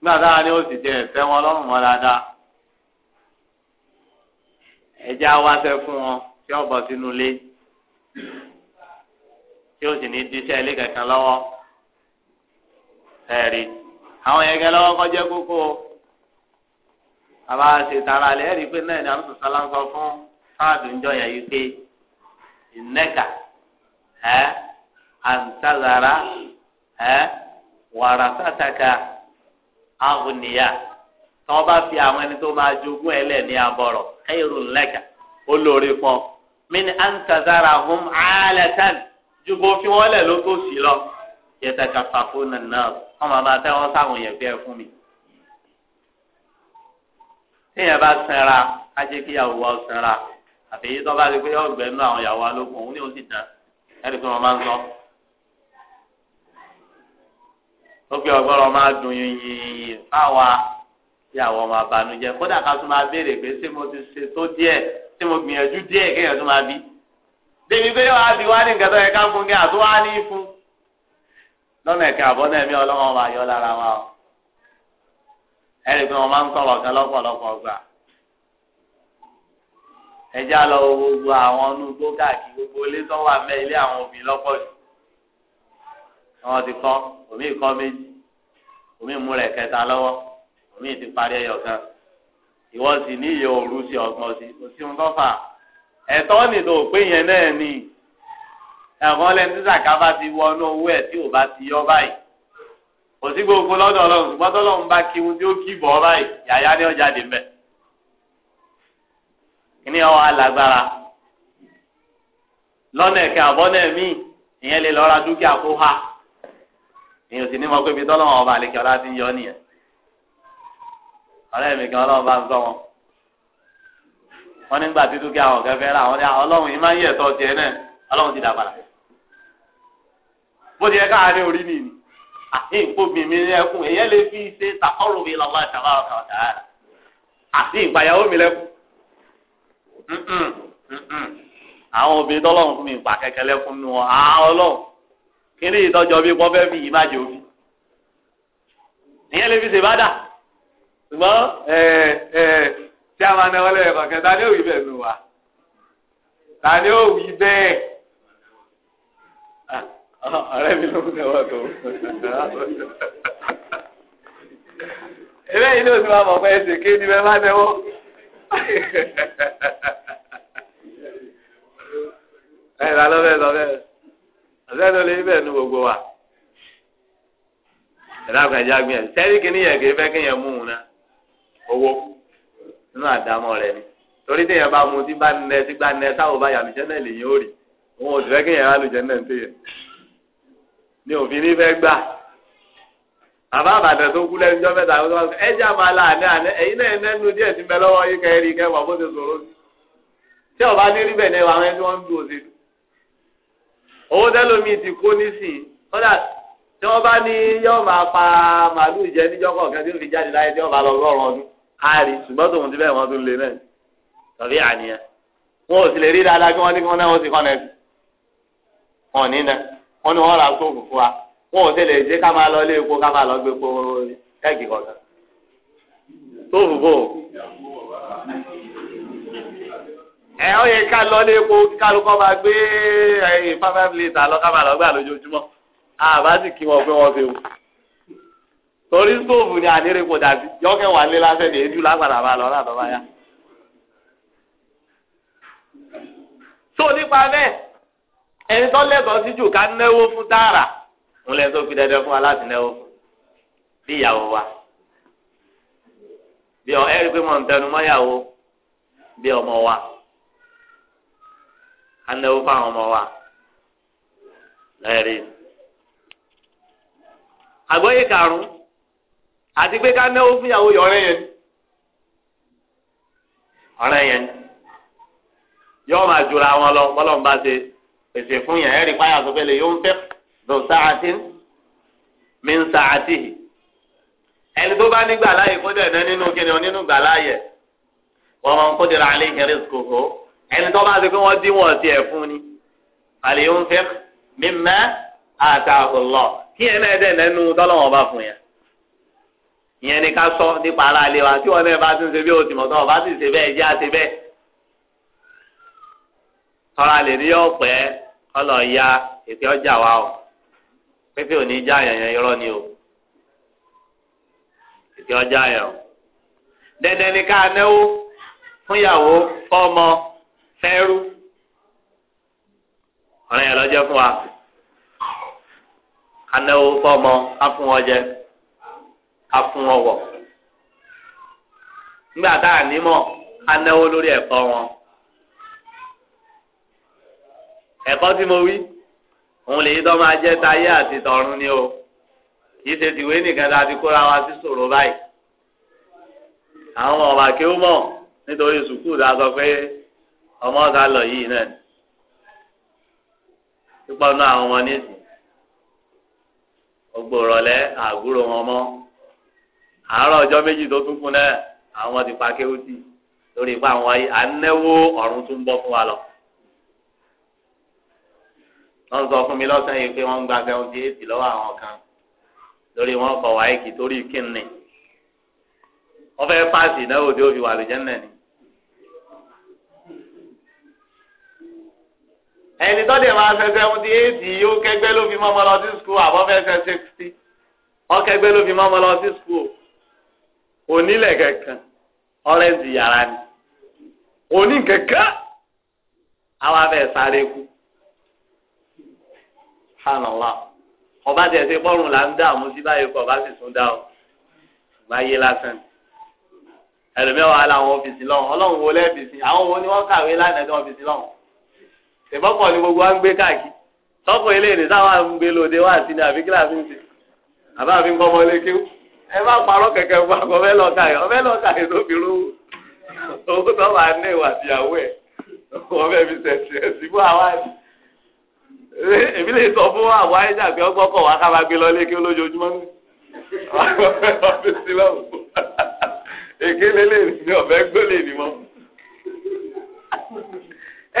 nígbà táwa ni ó sì jẹ ẹ̀fẹ́ wọn lọ́rùn mọ́ dáadáa ẹ̀jẹ̀ awáṣẹ́ fún wọn tí ó bọ̀ sínú ilé tí ó sì ní díṣẹ́ ilé kankan lọ́wọ́ ẹ̀rí àwọn yẹn gẹ́gẹ́ lọ́wọ́ kọjá kókó àbá ṣètara lẹ́ rí i pé náà ni àwọn sọ̀tà lá ń sọ fún sáàdù ńjọ yẹn yìí pé ìnẹ́kà ẹ́ àǹtàzàrà ẹ́ wàràsátàkà àhùnìyà tí wọ́n bá fi àwọn ẹni tó máa jogún ẹ lẹ̀ ní abọ́rọ̀ kẹ́hìrún lẹ́kà ó lórí fún ọ mini àǹtàzàrà hum àlẹ́ tán ju fi wọ́n lẹ̀ ló tó sí lọ yẹtẹ̀kà fàfún nàá wọn máa máa tẹ́wọ́ sáwọn yẹn bí fún mi téèyàn bá sanra á jẹ́ kí ìyàwó wa sanra àtẹ̀yí tó bá rí pé ọ̀gbẹ́ nú àwọn ìyàwó alókun òun ni ó sì dán ẹ̀rí pé wọ́n máa ń sọ. ó pe ọgbọ́rọ̀ máa dùn yìnyín fáwa ìyàwó máa banújẹ́ kódà ká tún máa béèrè pé ṣé mo ti ṣe tó díẹ̀ ṣé mo gbìyànjú díẹ̀ kéèyàn tún máa bí. débi pé yóò wá bí wá ní nǹkan tó yẹ ká fún kí àtúwá ní fún lọ́nà ẹ̀kẹ́ àbọ̀ náà ẹ̀mí ọlọ́wọ́n máa yọ lára wa o ẹ̀rí pé wọ́n máa ń sọ̀rọ̀ kan lọ́pọ̀lọpọ̀ gbà ẹjẹ́ àlọ́ gbogbo àwọn onúgbó káàkiri gbogbo ilé tó wà mẹ́ ilé àwọn òbí lọ́pọ̀ jù wọ́n ti kọ́ omi ìkọ́ méjì omi ìmúlẹ̀ kẹta lọ́wọ́ omi ti parí ẹyọ kan ìwọ ní ìyẹ òru ọgbọ́n sí òsì ń tọ́fà ẹ̀tọ́ nìdó òpé yẹn náà ni ẹ̀kọ́ lẹ́nu tí sàkà bá ti wọnú owó ẹ̀ tí ò bá ti yọ báyìí kò sí gbogbo lọ́dọ̀ ọlọ́run ṣùgbọ́n tọ́lọ́run bá kí ohun tí ó kì bọ́ báyìí yàyà ni ọjà dé mbẹ́ kíní ọ̀ alágbára lọ́nà ẹ̀kẹ́ àbọ́nà ẹ̀mí ìyẹn lè lọ́ra dúkìá kó ha ìyẹn ò sì ní mọ pé ibi tọ́lọ́run ọba àlekẹ́ ọlá ti ń yọ nìyẹn ọ̀rẹ́ mi kan ọlọ́run bá ń sọ wọn wọn nígbà tí dúkìá àwọn kẹfẹ́ rà wọn ni ọlọ́run yìí máa ń yẹ̀ tọ́ tiẹ̀ náà ọlọ́run ti dà padà bó ti yẹ káàárín orí nìyí àti nkóbi mi lẹ́kùn èyàn lè fi ṣe sàkọrù mi lọ́wọ́ ìjọba ọ̀tá ọ̀tá àti ìgbàyàwó mi lẹ́kùn àwọn obìnrin tọ́lọ́run fún mi ń pa kẹ́kẹ́ lẹ́kùn nù ọ́ àwọn ọlọ́run kíní ìtọ́jọ́ bí wọ́n fẹ́ fi yìí má jẹ́ òbí ìyẹn lè fi ṣe bá dà ṣùgbọ́n tí a máa náwó lẹ́yìn kọ̀ọ̀kan ta ni ó wí bẹ́ẹ̀ nù wá ta ni ó wí bẹ́ẹ̀ ọ̀rẹ́ mi ló ń tẹ̀wọ́ tó. eléyìí ló ti wá mọ̀ pé ẹsẹ̀ kéde bẹ́ẹ̀ má tẹ́wọ́. ẹ̀ lọ bẹ́ẹ̀ lọ bẹ́ẹ̀ ọ̀sẹ̀ tó lè bẹ́ẹ̀ nu gbogbo wa. ẹ̀dá àgbàjá gbìyànjú sẹ́rí kìnìyàn kì í fẹ́ kéèyàn mú un náà owó nínú àdámọ́ rẹ̀ ni torí téèyàn bá mu tí bá nẹ tí gbá nẹ táwọn bá yàmìjẹ́ náà lèyìn ó rì wọn ò sì fẹ́ kéèyàn á lù jẹ́ náà ń téèyàn ni obìnrin fẹ́ gbà bàbá àbàdàn tó kú lẹ́nu jọ́ mẹ́ta ló sọ ẹ jẹ́ àmà láàánẹ́ àná ẹ̀yin náà nẹ́nu díẹ̀ ti bẹ lọ́wọ́ yín kẹrin kẹwàá bó ti sọ̀rọ̀ sí tí ọba ní rí bẹ́ẹ̀ ní àwọn ẹni tí wọ́n ń du òṣèlú owó tẹ́lómi ti kó nísìnyí kódà tí wọ́n bá ní yóò máa pa màálù jẹ níjọ́ kọ̀ọ̀kan tí ó fi jáde láyé tí wọ́n bá lọ lọ́rùn ọdún àárí ṣùgbọ́n tòun ti bẹ́ẹ̀ wọ́n tún lé náà tọ́lé àníyàn wọn ò sì lè rí dáadáa kí wọ́n ní kí wọ́n náà wọ́n ti kọ́ náà sí wọn ní náà wọ́n ní wọ́n ra sóògùn fún wa wọn ò tẹ̀lé ṣé ká máa lọ ilé epo ká máa lọ gbé epo kẹ́ẹ̀kì kọ̀ọ̀kan sóògùn fún o. ẹ ọ yẹ ká lọ ilé epo kálukọ́ máa gbé ẹyìn five five litre lọ ká máa lọ gbà lójoojúmọ́ àbá sì kí wọn pé wọn fi wù torí sóòfù ni ànírèpò dàbí yọkẹ́ wà lé lásẹ̀ ní edu lágbàdà máa lọ látọ̀ bá yá. so nípa bẹ́ẹ̀ ẹni tó lẹ́tọ̀ọ́ sí jù ká náwó fún tààrà ń lẹ́yìn tó fi dandan fún wa láti náwó fún bí ìyàwó wa bí ọ ẹ̀rí pé mọ̀ ń tẹnu mọ́ ìyàwó bí ọmọ wa ká náwó fáwọn ọmọ wa lẹ́rí. àgbọ̀yé karùn-ún àti pé ká náwó fún ìyàwó yọ̀ọ́rẹ́ yẹn ọ̀rẹ́ yẹn yọ́ọ́ máa jura wọn lọ bọ́lọ́mùbá ṣe pèsè fún yàn ẹ̀rí páyà tó fẹ́lẹ̀ yóò ń fẹ́ lọ sáàtì mi ń sáàtì yìí ẹni tó bá nígbà láàyè kó dẹ̀ ná nínú kíni ọ nínú gbà láàyè wọn máa ń kó dira alẹ́ ìhẹrẹ ìsòkò ẹni tó bá ti pé wọ́n dín wọ́n ti ẹ̀ fún ni àlè yóò ń fẹ́ mi mẹ́ àtàkùlọ̀ kí ẹ náà dẹ̀ nẹ́nu tọ́lọ́wọ́n bá fún yẹn ìyẹn ni ká sọ nípa ara ilé wa tí wọn náà bá ti ń ṣe bí òsì mọ̀tọ́ ọba sì ṣe bẹ́ẹ̀ jẹ́ àti bẹ́ẹ̀ tọ́ra lè ní ọ̀pẹ́ ọlọ ya ètè ọjà wa o pépé òní já yẹn yẹn ni o ètè ọjà yẹn o dẹdẹ ni ká náwó fúnyàwó fọmọ fẹrú ọ̀rẹ́ yẹn lọ́jọ́ fún wa ká náwó fọmọ afúnwọ́jẹ afúnwọ́wọ́ nígbà tá a nímọ̀ ká náwó lórí ẹ̀kọ́ wọn. ẹ̀kọ́ tí mo wí òun lè yí tó máa jẹ́ táyé àti tọ̀run ni o kì í ṣe tìwé nìkan tá a ti kóra wa sí ṣòro báyìí àwọn ọ̀bà kí ó mọ̀ nítorí sùkúù tá a sọ pé ọmọ ọ̀sà lọ yìí náà pípọ̀ náà àwọn ọmọ nísìn ogbòrọ̀lẹ́ àgúrò wọn mọ́ àárọ̀ ọjọ́ méjì tó tún kún náà àwọn ti pa kéwútì lórí ipa àwọn ayé à ń bọ́ fún wa lọ wọ́n sọ fún mi lọ́sàn yìí pé wọ́n ń gba seventy eight lọ́wọ́ àwọn kan lórí wọn kọ wáyé kì torí kínní wọ́n fẹ́ páàsì ìdánwò tí ó fi wà lójẹ́ náà ni. ẹni tó dẹ̀ máa ṣe seventy eight yìí ó kẹgbẹ́ ló fi mọ́mọ́ lọ sí skul àbọ̀ fẹ́ ṣe sixty wọ́n kẹgbẹ́ ló fi mọ́mọ́ lọ sí skul onílẹ̀ kankan ọ̀rẹ́ǹdì yàrá ni oní àwọn afẹ́ sáré kú subhanallah ọba tẹ̀ ṣe pọ́rùn là ń dààmú sí báyìí kọ́ ọba sì tún dá o máa yé lásán ẹlòmíwàá làwọn ọ́fíìsì lọ́wọ́ ọlọ́run wo lẹ́ẹ̀fìsì àwọn wo ni wọ́n kàwé lánàá ní ọ́fíìsì lọ́wọ́ ìbọ́pọ̀ ni gbogbo wa ń gbé káàkiri tọ́pọ̀ ilé ìdè táwa ń gbé lóde wá sí ni àbí kíláàsì ń ṣe àbá àfi ń kọ́ ọmọ lékè ẹ bá parọ́ kẹ̀kẹ́ fún akọ ọbẹ̀ lọ́ọ̀kà yìí ọbẹ̀ lọ́ọ̀kà yìí ló fi rú owó tó wà ní ìwà ìyàwó ẹ̀ ọbẹ̀ fi tẹ̀sí ẹ̀ síbú àwa ni èmi lè sọ fún àwọn àyíjà pé ọgbọ́n kọ̀ wá kábàá gbé lọ lékè olójoojúmọ́ ní. èké lélẹ̀ ní ọ̀fẹ́ gbọ́lẹ̀ ni mọ́.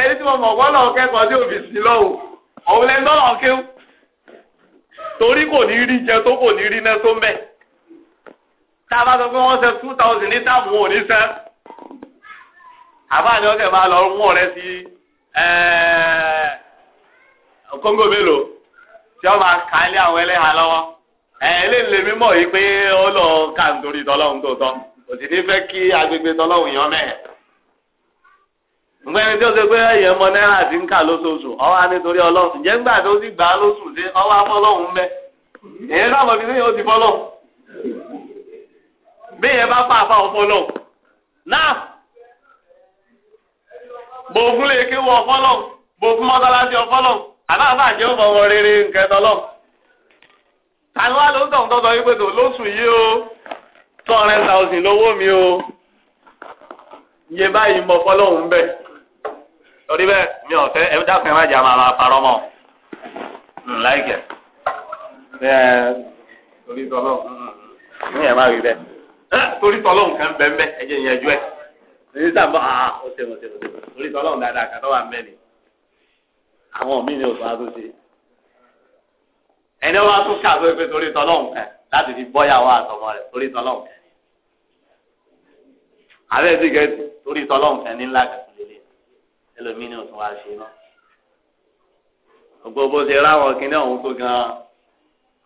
ẹni tí mo mọ̀ gbọ́dọ̀ kẹ́kọ̀ọ́ tí òbí sí lọ́wọ́ òun lẹ́nu tọ́lọ̀ kéwù torí kò ní rí jẹ tó kò ní rí náà tó ń bẹ̀. tá a bá sọ pé wọ́n ṣe two thousand ní táàmù wọn ò ní sẹ́. àbáàní ọ̀sẹ̀ máa lọ mú ọ̀rẹ́ sí ẹ̀ẹ́. kóńgò mélòó tí wọ́n máa kà á àwọn Ee, lọ́wọ́ ẹlẹ́lẹ́ mi mọ̀ yìí pé ó lọ ká nítorí tọ́lọ́hún tó tọ́ kò sì ní fẹ́ kí agbègbè tọ́lọ́hún yàn mẹ́ẹ̀. nǹkan ẹni tí ó ṣe pé ẹ̀yẹ mọ náírà ti ń kà lóṣooṣù ọwọ́ nítorí ọlọ́run ǹjẹ́ ńgbà tó ti gbà á lóṣù sí ọwọ́ mẹ́ èyí náà ti fọ́lọ́hún bí yẹn bá pàfà ọ̀fọ́lọ́hún náà àbáfà jẹ́ ó fọwọ́ rere nǹkan tọ́lọ́ àwọn alóńtọ̀ ń tọ́tọ́ wípé tó lóṣù yìí o two hundred thousand lówó mi o iye báyìí mọ fọlọ́hún bẹ́ẹ̀ torí bẹ́ẹ̀ mi ò fẹ́ ẹ dákun má jà máa parọ́ mọ́ láìkẹ́ torí tọ́lọ́hún ní ẹ̀ má rí bẹ́ẹ̀ torí tọ́lọ́hún kan bẹ́ẹ̀ bẹ́ẹ̀ ẹ jẹ́ ìyẹn ju ẹ̀ torí sábà ó ṣe mo ṣe mo ṣe torí tọ́lọ́hún dáadáa kàtọ́ wà mẹ́rin àwọn míì ní oṣù àtúnṣe ẹni wọn tún kà sóye pé torí tọlọ́hún kan láti fi bọ́yàwó àtọmọ rẹ̀ torí tọlọ́hún kan ni ti gẹ̀ẹ́sì torí tọlọ́hún kan ní ńlá kan lélẹ̀ ẹlòmíì ní oṣù wa ṣe náà gbogbo bó ṣe ráwọn kíní ọ̀hún tó gan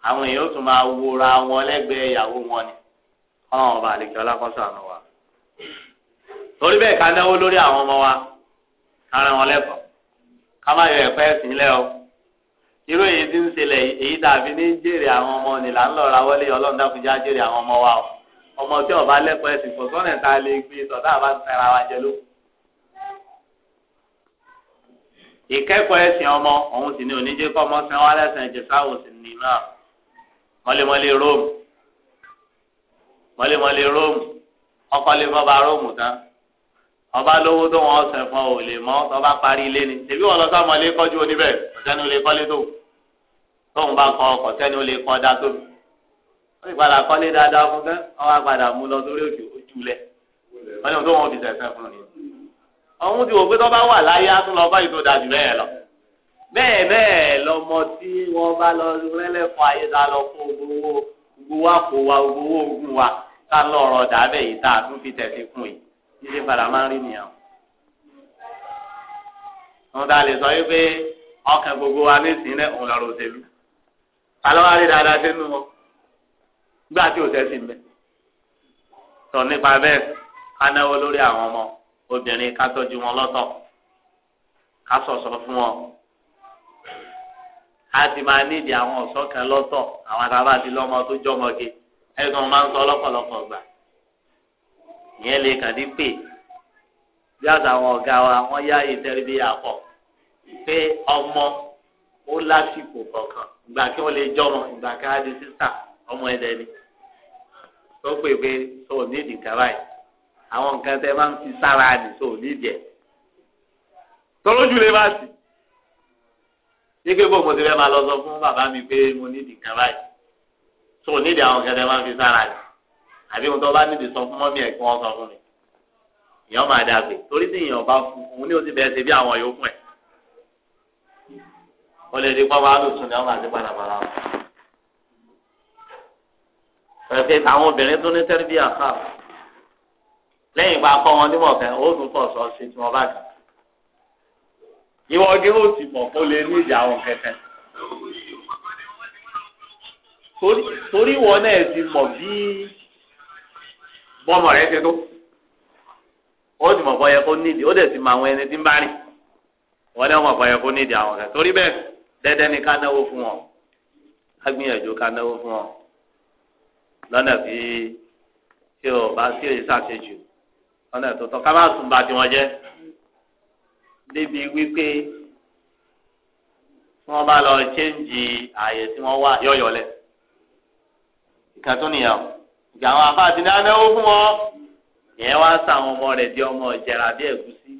àwọn èèyàn tún máa wora wọn lẹ́gbẹ̀ẹ́ ìyàwó wọn ni ọlọ́run ọba àlejò alákọ̀ọ́sọ àná wa torí bẹ́ẹ̀ ká náwó lórí àwọn ọmọ wa ká rán wọn lẹ́kọ̀ọ́ ká yọ ẹ̀pẹ́ ẹ̀sìn lẹ́ o irú èyí tí ń ṣẹlẹ̀ èyí tàbí ní jèrè àwọn ọmọ nìlà ńlọ ra wọlé ọlọ́run dákunjá jèrè àwọn ọmọ wa o ọmọ tí ọba lẹ́kọ̀ọ́ ẹ̀sìn kò sọ́nà tá lè gbé e sọ̀tà àbá ń tẹ̀ra wa jẹ ló. ìkẹ́kọ̀ọ́ ẹ̀sìn ọmọ òun sì ni oníjẹ́ kọ́ ọmọ sẹ́ wá lẹ́sìn jẹ̀sáwò sì ní náà mọ́lẹ́mọ́lẹ́ róòmù mọ́lẹ́mọ́lẹ́ róòmù ọkọ̀ lè fọ́ róòmù tán ọba lówó tó wọn ọsẹ fún ọ lè mọ ọba parí ilé ni tèmi wọn lọ sáwọn ilé kọjú oníbẹ ọsẹni olè kọlé tó tóun bá kọ ọkọ sẹni olè kọ dá tóbi ó sì padà kọlé dáadáa fún gán ọba padà mú lọ sórí òkè ojú lẹ wọn ni tó wọn fi sẹsẹ fún ni ọ̀hún ti wò pé tó bá wà láyé á tún lọ bá ètò ìdájú bẹ́ẹ̀ lọ bẹ́ẹ̀ bẹ́ẹ̀ lọmọ tí wọ́n bá lọ rẹ́lẹ́fọ ayé ta lọ kó gbowó gbowó àpò wa gbowó wa ká lọ́ọ̀rọ̀ dàbẹ̀ yìí ilé padà máa ń rí nìyẹn wọn ta lè sọ yìí pé ọkàn gbogbo wa ní ìsìn náà òun lọrọ òṣèlú alọ́wọ́ rí dáadáa sínú wọn gbà tí òṣèlú sì ń bẹ sọ nípa bẹ́ẹ̀ ká náwó lórí àwọn ọmọ obìnrin ká tọ́jú wọn lọ́tọ̀ ká sọ̀sọ̀ fún wọn a ti máa nídìí àwọn ọ̀ṣọ́ kan lọ́tọ̀ àwọn àtàwọn àti lọ́mọ tó jọmọge ẹ̀sùn máa ń sọ ọlọ́pọ̀lọpọ̀ gbà ìyẹn lè kàn ní pè bí àti àwọn ọ̀gá wa wọ́n yá ìtẹ́rí bí àpọ̀ pé ọmọ ó lásìkò kọ̀ọ̀kan ìgbà kí wọ́n lè jọmọ ìgbà kí wọ́n á di sísà ọmọ ẹ̀dẹ̀ ni tó pè pé tó ò ní ìdìkà báyìí àwọn nǹkan tẹ máa ń fi sára nì tó ò ní ìdìẹ̀ tọ́lójú lè má sí nígbè bó mo ti fẹ́ máa lọ sọ fún bàbá mi pé mo ní ìdìkà báyìí tó ò ní àwọn nǹkan tẹ máa ń fi sára nì àbí ohun tó bá níbi sọ fún mọ́mí ẹ̀ kí wọ́n sọ fún mi èèyàn máa dà pé torí tí èèyàn bá fún òun ní o ti bẹ̀rẹ̀ ṣe bí àwọn yòókù ẹ̀ o lè di pọ́npọ́n alùsùn ni wọ́n máa ti padà bàrà wọn. pẹ̀lú àwọn obìnrin tó ní sẹ́ríbí àká lẹ́yìn ìgbà kọ́ wọn nímọ̀ fẹ́ ó tún pọ̀ sọ ṣe tí wọ́n bá kà. ìwọ ọdẹ ó ti mọ̀ kó lè ní ìjà àwọn kẹ̀kẹ́ torí ìwọ náà ti mọ̀ bíi bọ́mọ rẹ ti tó ó ti mọ̀ bọ́yẹ kó nídìí ó dẹ̀ ti mọ àwọn ẹni tí ń bá rìn wọ́n dẹ̀ mọ̀ bọ́yẹ kó nídìí àwọn rẹ̀ torí bẹ́ẹ̀ dẹ́dẹ́ ni ká náwó fún wọn ká gbìyànjú ká náwó fún wọn lọ́nà bí tí o bá sí èyí ṣàṣejù lọ́nà tó tọ́ ká má sùn bá tiwọn jẹ́ débi wípé wọ́n bá lọ ṣéǹjì àyè tí wọ́n wá yọ̀yọ̀ lẹ̀ ìkàtúnìyàn. ìgbà àwọn afáàtì ní anáwó fún wọn wá sa àwọn ọmọ rẹ̀ di ọmọ ìjẹra bí ẹgúsí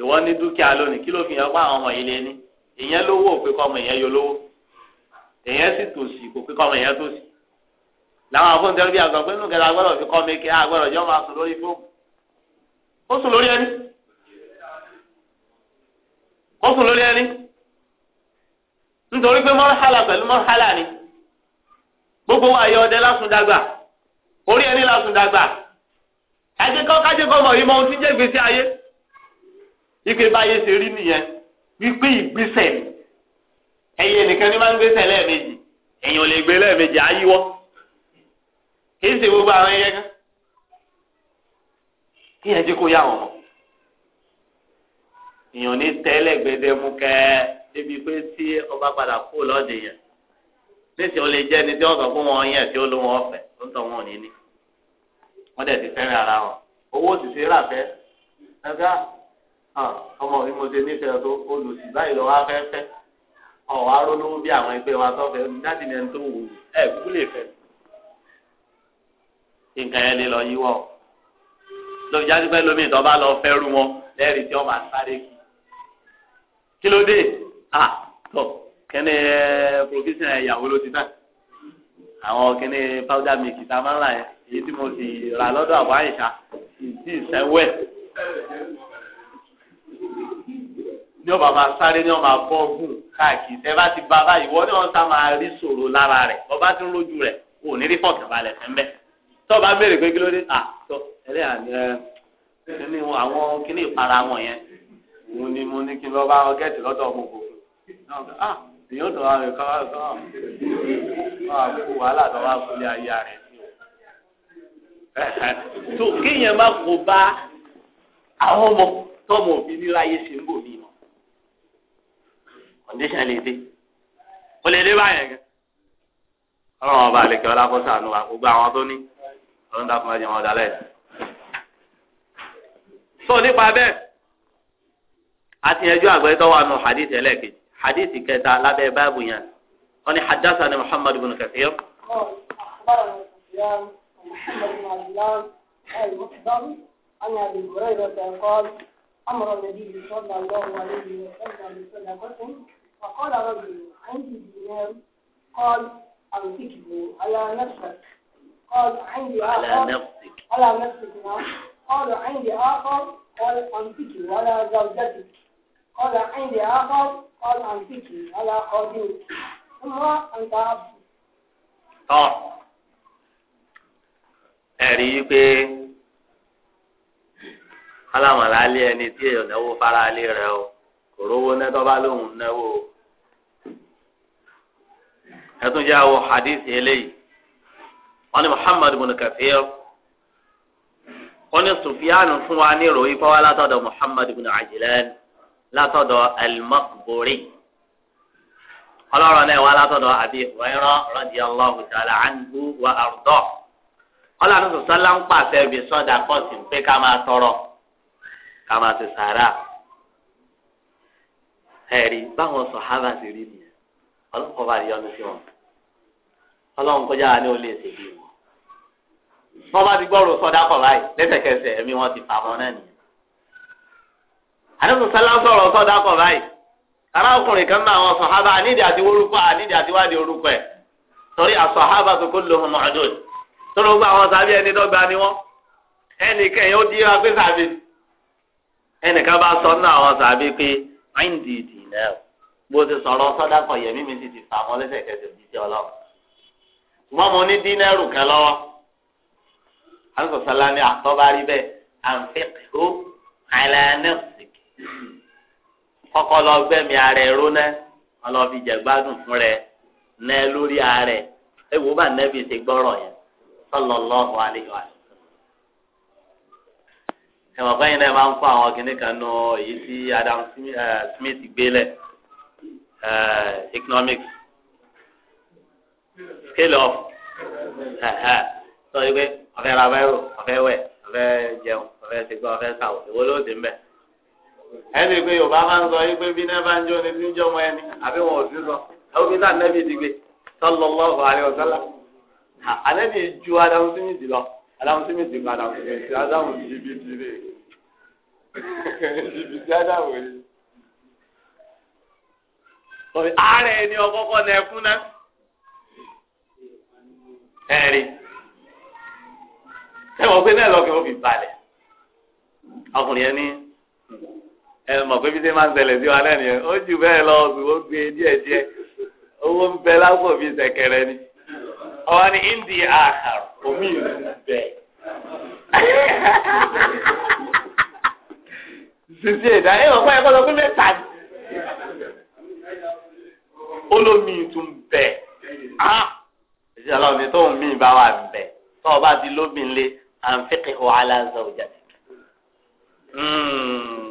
ìwọ ní dúkìá lónìí kí ló fi hàn pa ọmọ yìí ní ìyẹn lówó òpè kọ́ ọmọ yọ lówó ìyẹn sì kò pé kọ́ ọmọ ìyẹn làwọn tẹ́lẹ̀ bí àgbà pé agbọ́dọ̀ fi kọ́ mi kí agbọ́dọ̀ lórí fóònù ni. gbogbo wa yọ ọdẹ lásùn dàgbà orí ẹni lásùn dàgbà ajẹkọ kájẹkọ mọ ìmọ̀ ohun tí ń jẹ gbèsè ayé ìpè báyé ṣe rí nìyẹn wípé ìgbésẹ̀ ẹyẹ nìkan ní máa ń gbésẹ̀ lẹ́ẹ̀mejì èèyàn lè gbé lẹ́ẹ̀mejì ayíwọ kìí ṣe gbogbo àwọn ẹyẹ kan kí ẹ jẹ kó yá wọn mọ èèyàn ní tẹ́lẹ̀ gbẹdẹmú kẹ débi pé tí ọba padà kú lọ́dẹ yẹn nísìnyí ó lè jẹ́ ẹni tí wọ́n sọ fún wọn yẹn tí ó ló wọn ọ̀fẹ́ tó ń tọ̀ wọn ní ní wọ́n dẹ̀ ti fẹ́rẹ̀ ara wọn owó òṣìṣẹ́ rà fẹ́ ẹgbẹ́ ọmọ mi mo ṣe nífẹ̀ẹ́ tó olùsí báyìí lọ́wọ́ afẹ́fẹ́ ọ̀wá rólówó bí àwọn ẹgbẹ́ wa tọ́fẹ́ láti ní ẹni tó wù ẹ̀ kú lè fẹ́ nǹkan yẹn lè lọ yíwọ́ lóbi jáde pẹ́ lómi ìtọ́ bá lọ fẹ́ rú wọn lẹ́rìí tí wọ́n máa sáré kí kí ló dé ah tọ́ kẹ́ni ẹ eh, provision ẹ̀yàwó ló ti tán àwọn kẹ́ni powder milk tá máa ń rà yẹn èyí tí mo sì rà lọ́dọ̀ àbọ̀ àyíṣà ìdí ìsẹ́wẹ́ ní ọba máa sáré ní ọba bọ́ gùn káàkiri tẹ́ bá ti ba báyìí wọ́n ní wọ́n sá máa rí ṣòro lára rẹ̀ ọba tí lójú rẹ̀ kò ní rí fọ̀kànbalẹ̀ fẹ́ mbẹ́ tọ́ba béèrè pé kí ló dé à tọ́ ẹlẹ́ àná eh, kíní àwọn kíní ìpara wọn yẹn mo ní mo ní kí n lọ́ọ́ bá wọn lọ́dọ̀ ọmọ òkùnkùn náà èyí tó wà rẹ káwá sọ máa kó wàhálà tó wà kó lé ayé rẹ tó *laughs* kéèyàn má kó bá àwọn ọmọ tọmọ òbí níláyé ṣe ń bò ní ìmọ̀ kọ̀ǹdíṣàn lè dé kò lè dé báyẹn gẹ ọlọ́run ọba àlekẹ ọlákọsọ àánú wa gbogbo àwọn tó ní ọlọ́run dákun ẹjẹ wọn dalẹ tó nípa bẹ́ẹ̀ àti ẹjọ́ àgbẹtọ wà nù hadith ẹlẹ́ẹ̀kejì. حديث كذا لا باب يعني أنا حدثنا محمد بن كثير قال محمد بن عبد الله المحضر عن أبي هريرة قال أمر النبي صلى الله عليه وسلم بصدقة فقال رجل عندي دينار قال انفكه على نفسك قال عندي آخر على نفسك على نفسك نعم قال عندي آخر قال انفكه على زوجتك قال عندي آخر قال عن فكري على قادمي ثم أنت عبد tọ́ ẹ̀rí wípé alámọ̀lá alẹ́ ẹni tí èèyàn náwó fara alẹ́ rẹ o kò rówó nẹ́tọ́ bá lóun náwó o. ẹtún jẹ́ àwọn hadith eléyìí wọ́n ní Muhammad bin Kathir wọ́n ní Sufyan fún wa ní ìròyìn fọwọ́ látọ̀dọ̀ Muhammad bin Ajlan látọ̀dọ̀ al-Maqburi ọlọ́rọ̀ náà wá látọ̀dọ̀ Abi Hurairah radiyallahu ta'ala anhu wa ardah ọlọ́run sọ̀tọ́ la ń pàṣẹ ibi sọ́dà kọ́ọ̀tì pé ká máa tọrọ ká máa ti sàárà ẹ̀rí báwọn sàhábà ti rí nìyẹn ọlọ́kọ̀ bá yọ ọdún sí wọn ọlọ́run kọjá wa ní o ṣèlú wọn. wọ́n bá ti gbọ́rọ̀ sọ́dá kọ̀ báyìí lẹ́sẹ̀kẹsẹ̀ ẹ̀mí wọn ti fà wọn náà nìyẹn àdéhùn sálá ń sọ̀rọ̀ sọ́dá kọ̀ báyìí arákùnrin kan náà àwọn sọ̀hábà ànídìí àti orúkọ ànídìí àti wádìí orúkọ ẹ̀ torí àsọ̀hábà tó kó lóhùn mọ́àdùn tó ló gbọ́ àwọn sábẹ́ ẹni dọ́gba ni wọ́n ẹnìkan yóò di ra pé sàbí ẹnìkan bá sọ náà àwọn sàbí pé àìǹdì ìdìnnà bó ti sọ̀rọ̀ sọ́dá kọ̀ yẹ̀mí mi sì ti fà mọ́ lẹ́sẹ̀kẹsẹ̀ bíi ti ọlọ́run kọ́kọ́ lọ gbẹ́mí ara ẹ̀rú náà ọlọ́fi jẹ̀gbádùn fún lórí ewu bá nẹ́bí ti gbọ́rọ̀ yẹn sallallahu alaihi wa sallam. ẹ̀wọ̀n fẹ́yìn náà máa ń kó àwọn kan nù Adam Smith gbélẹ̀ economics scale of sọ ra jẹun ti ẹni pé yorùbá máa ń sọ yí pé bí náà bá ń jó ni tí ń jọmọ ẹni àbí wọn ò sí sọ ẹwọ bí náà nẹbi ìdìgbé sallallahu alaihi wasallam ànẹbi ju adamu simiti lọ adamu simiti kọ adamu simiti adamu jìbìtì rè jìbìtì adamu rè tọ́bi ààrẹ ẹni ọkọ́kọ́ náà ẹkún náà ẹ̀rí ẹ̀wọ̀n pé náà lọ́kẹ́ ó fi balẹ̀ ọkùnrin yẹn ní ẹ mọ̀ pé bí ṣe máa ń ṣẹlẹ̀ sí wa lẹ́nu yẹn ó jù bẹ́ẹ̀ lọ ọ̀sùn ó gbé díẹ̀ díẹ̀ owó ń bẹ lápò bíi ṣẹ̀kẹ̀rẹ̀ ni ọwọ́ ni indi ahar omi ìlú bẹ̀. sisi ẹ̀dá ẹ̀ wọ́n fẹ́ kọ́ sọ pé mẹ́ta ni olómi tún bẹ̀ ẹ̀sìn aláwọ̀ ni tóun mí bá wà bẹ̀ tọ́ọ̀ bá ti lómi lé àǹfẹ̀kẹ̀ wàhálà ń sọ òjà. Hmm.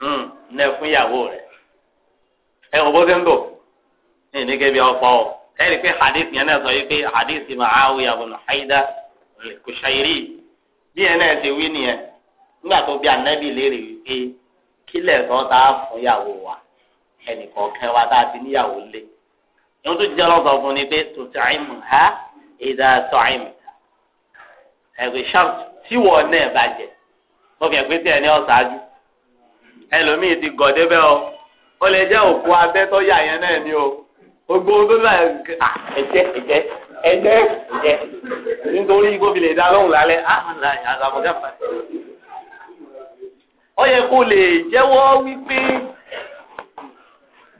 Hmm, nẹ fún ìyàwó rẹ ẹ wò bó ṣe ń bò ní ìdíkẹ́ bí ọ̀pọ̀ ọ̀ ẹ rí i pé hadith yẹn náà sọ yìí pé hadith Mu'awiya ibn Haida al-Kushairi bí ẹ náà ṣe wí nìyẹn nígbà tó bí anabi léèrè wípé kílẹ̀ sọ tá a fún ìyàwó wa ẹnìkan kẹ́ wa tá a ti níyàwó lé ìwọ́n tó jẹ́ lọ́sọ̀ fún ni pé tòtàìmù ha ìdá tòtàìmù ẹ̀rù ṣáàtì tí wọ́n náà bàjẹ́ ó fi ẹ̀gbẹ́ tí ẹlòmíì ti gọ̀ débẹ̀ o ó lè jẹ́ òkú abẹ́ tó yà yẹn náà ni o gbogbo tó bá ẹ̀jẹ̀ ẹ̀jẹ̀ ẹ̀jẹ̀ ẹ̀jẹ̀ nítorí igbó fi lè dá lóhùn lálẹ́ àgàmọ̀gàmà. ó yẹ kó lè jẹ́wọ́ wípé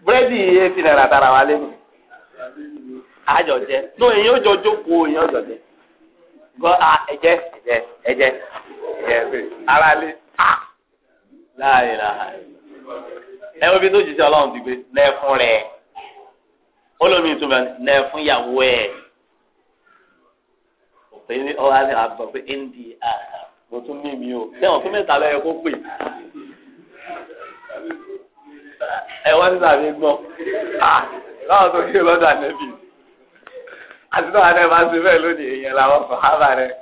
búrẹ́dì yìí lé mi àjọ jẹ tó èyàn jọ jókòó èyàn jọ jẹ gbọ́ ara láàrin náà ẹ wo bí tó jíjẹ ọlọ́run ti gbé lẹ́ẹ̀fún rẹ̀ olómi ìtumọ̀ lẹ́ẹ̀fún ìyàwó ẹ̀ òpin ní ọ̀rọ̀ àti àbọ̀ pé ndí àhà mo tún ní mi o lẹ́wọ̀n fún mẹ́ta lẹ́yẹ kó pè ẹ wọ́n nígbà mi gbọ́ báwo ah, tó kí lọ́dọ̀ ànẹ́bì àti náà ànẹ́bì á ti bẹ́ẹ̀ lónìí èèyàn làwọn sọ̀hábà rẹ̀.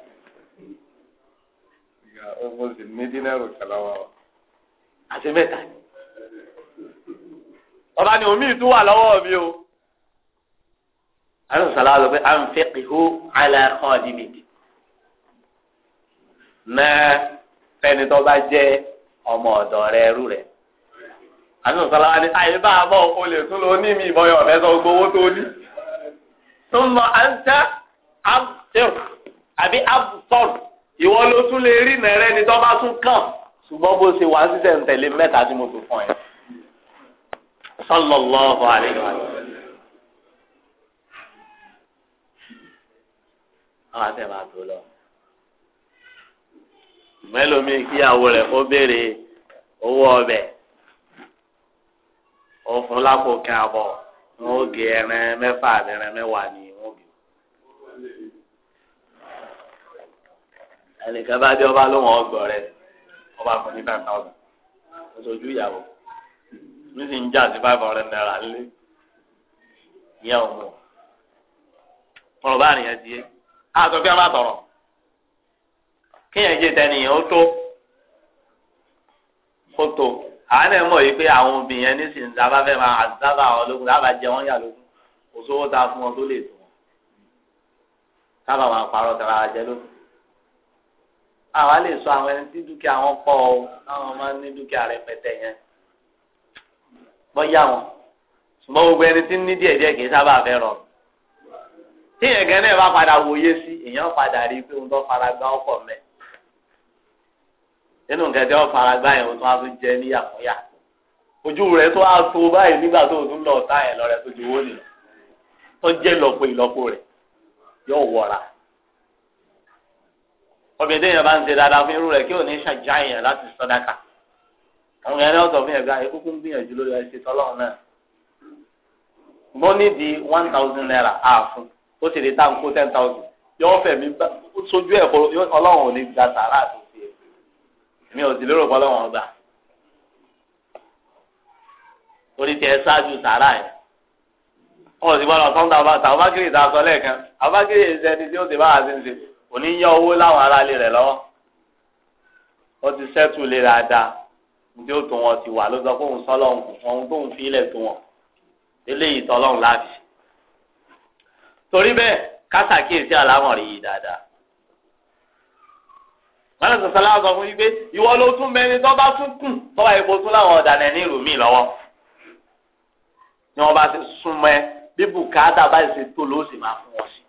Ogun sì ní dínà rò kàlọ́wọ́ àti mẹ́ta ọba ni omi ìtú wà lọ́wọ́ mi o àwọn sọlá lọ pé anfiqihu ala khadinik náà fẹ́ni tó bá jẹ́ ọmọ ọ̀dọ̀ rẹ ẹrú rẹ àwọn sọlá ni àyè bá a bọ̀ o lè tún lọ ní mi ìbọyọ̀ ọ̀fẹ́ sọ gbowó tó ní tó ń lọ àǹtá àbùtẹ́rù àbí àbùtọ́rù ìwọ ló tún lè rí nàrẹ́ ni tó bá tún kàn ṣùgbọ́n bó ṣe wà sísẹ̀ ń tẹ̀lé mẹ́ta tí mo fi fún ẹ. sallallahu alaihi wa sallam. àwọn àti ẹ̀ máa tó lọ. mẹ́lòmí kíyàwó rẹ̀ kó béèrè owó ọbẹ̀ òfun lápò kí n àbọ̀ wọn ó ẹran mẹ́fà ẹran mẹ́wàá ni ẹnìkan bá dé ọba ló wọn ọgbọ rẹ ọba fún ní five thousand oṣooṣù ìyàwó mi sì ń jà sí five hundred naira lé ìyẹn ò mú ọ̀rọ̀ bá nìyẹn ti yé àtọ̀ bí a máa tọ̀rọ̀ kéèyàn jẹ tẹnìyàn ó tó ó tó àwọn ẹ̀ mọ̀ yìí pé àwọn obìnrin yẹn nísìnyí sábà fẹ́ máa àtúntàbà àwọn ológun sábà jẹ wọ́n yà lógun kò sówó ta fún wọn tó lè tó wọn sábà máa parọ́ tẹ̀ra jẹ lógun àwa lè sọ àwọn ẹni tí dúkìá wọn pọ̀ o táwọn máa ń ní dúkìá rẹpẹtẹ yẹn bọ́yá wọn ṣùgbọ́n gbogbo ẹni tí ń ní díẹ̀ díẹ̀ kì í sábà fẹ́ rọ tí yẹn gẹ́gẹ́ bá padà wòye sí èèyàn padà rí i pé òun tó fara gbá ọkọ̀ mẹ́ nínú nǹkan tí wọ́n fara gbá yẹn òun tó wá tó jẹ níyàkúnyà ojú rẹ̀ tó wá tó báyìí nígbà tó tún lọ tá lọ rẹ̀ tó ju nìyẹn tó jẹ́ lọ́pọ̀ ìlọ́pọ̀ rẹ̀ yóò wọra obìnrin téèyàn bá ń ṣe dáadáa fún irú rẹ̀ kí òní ṣàjà èèyàn láti sọdáka àwọn yẹn lọ́sọ̀ fún ẹ̀gbá ikúkú ń gbìyànjú lórí ẹ̀ṣẹ̀ tọ́lọ́run náà mo ní di one thousand naira ààfin ó sì lè tá n kó ten thousand yọ fẹ́ mi sojú ẹ̀ kó ọlọ́run ò ní gba sàrà àti ti ẹ̀ mi ò sì lérò pé ọlọ́run gbà orí tiẹ̀ ṣáájú sàrà yẹn wọn ò sì gbọ́dọ̀ sọ́ńdà ọba tàwọn bá kiri ìdásọ lẹ́ẹ̀kan àwọn bá kiri ìṣẹ́ni tí ó ti bá wa ṣe ń kò yá owó láwọn aráalé rẹ̀ lọ́wọ́ ó ti sẹ́tù lé dáadáa ndé ó tó wọn ti wà ló sọ fóun sọlọ́hún kò ohun tóun fi ilẹ̀ tó wọn eléyìí tọ́lọ́hún láàbì. torí bẹ́ẹ̀ kásàkíyèsí àlámọ̀rí yìí dáadáa. wọ́n lọ sọ̀sọ́ láwọn sọ fún yí pé ìwọ ló tún mẹ́ni tó bá tún kù tó bá epo tún láwọn ọ̀dàlẹ̀ ní ìlú mi lọ́wọ́. ni wọ́n bá ti sún mọ́ ẹ bí bùkátà bá ti ṣe tó ló sì máa fún wọn sí.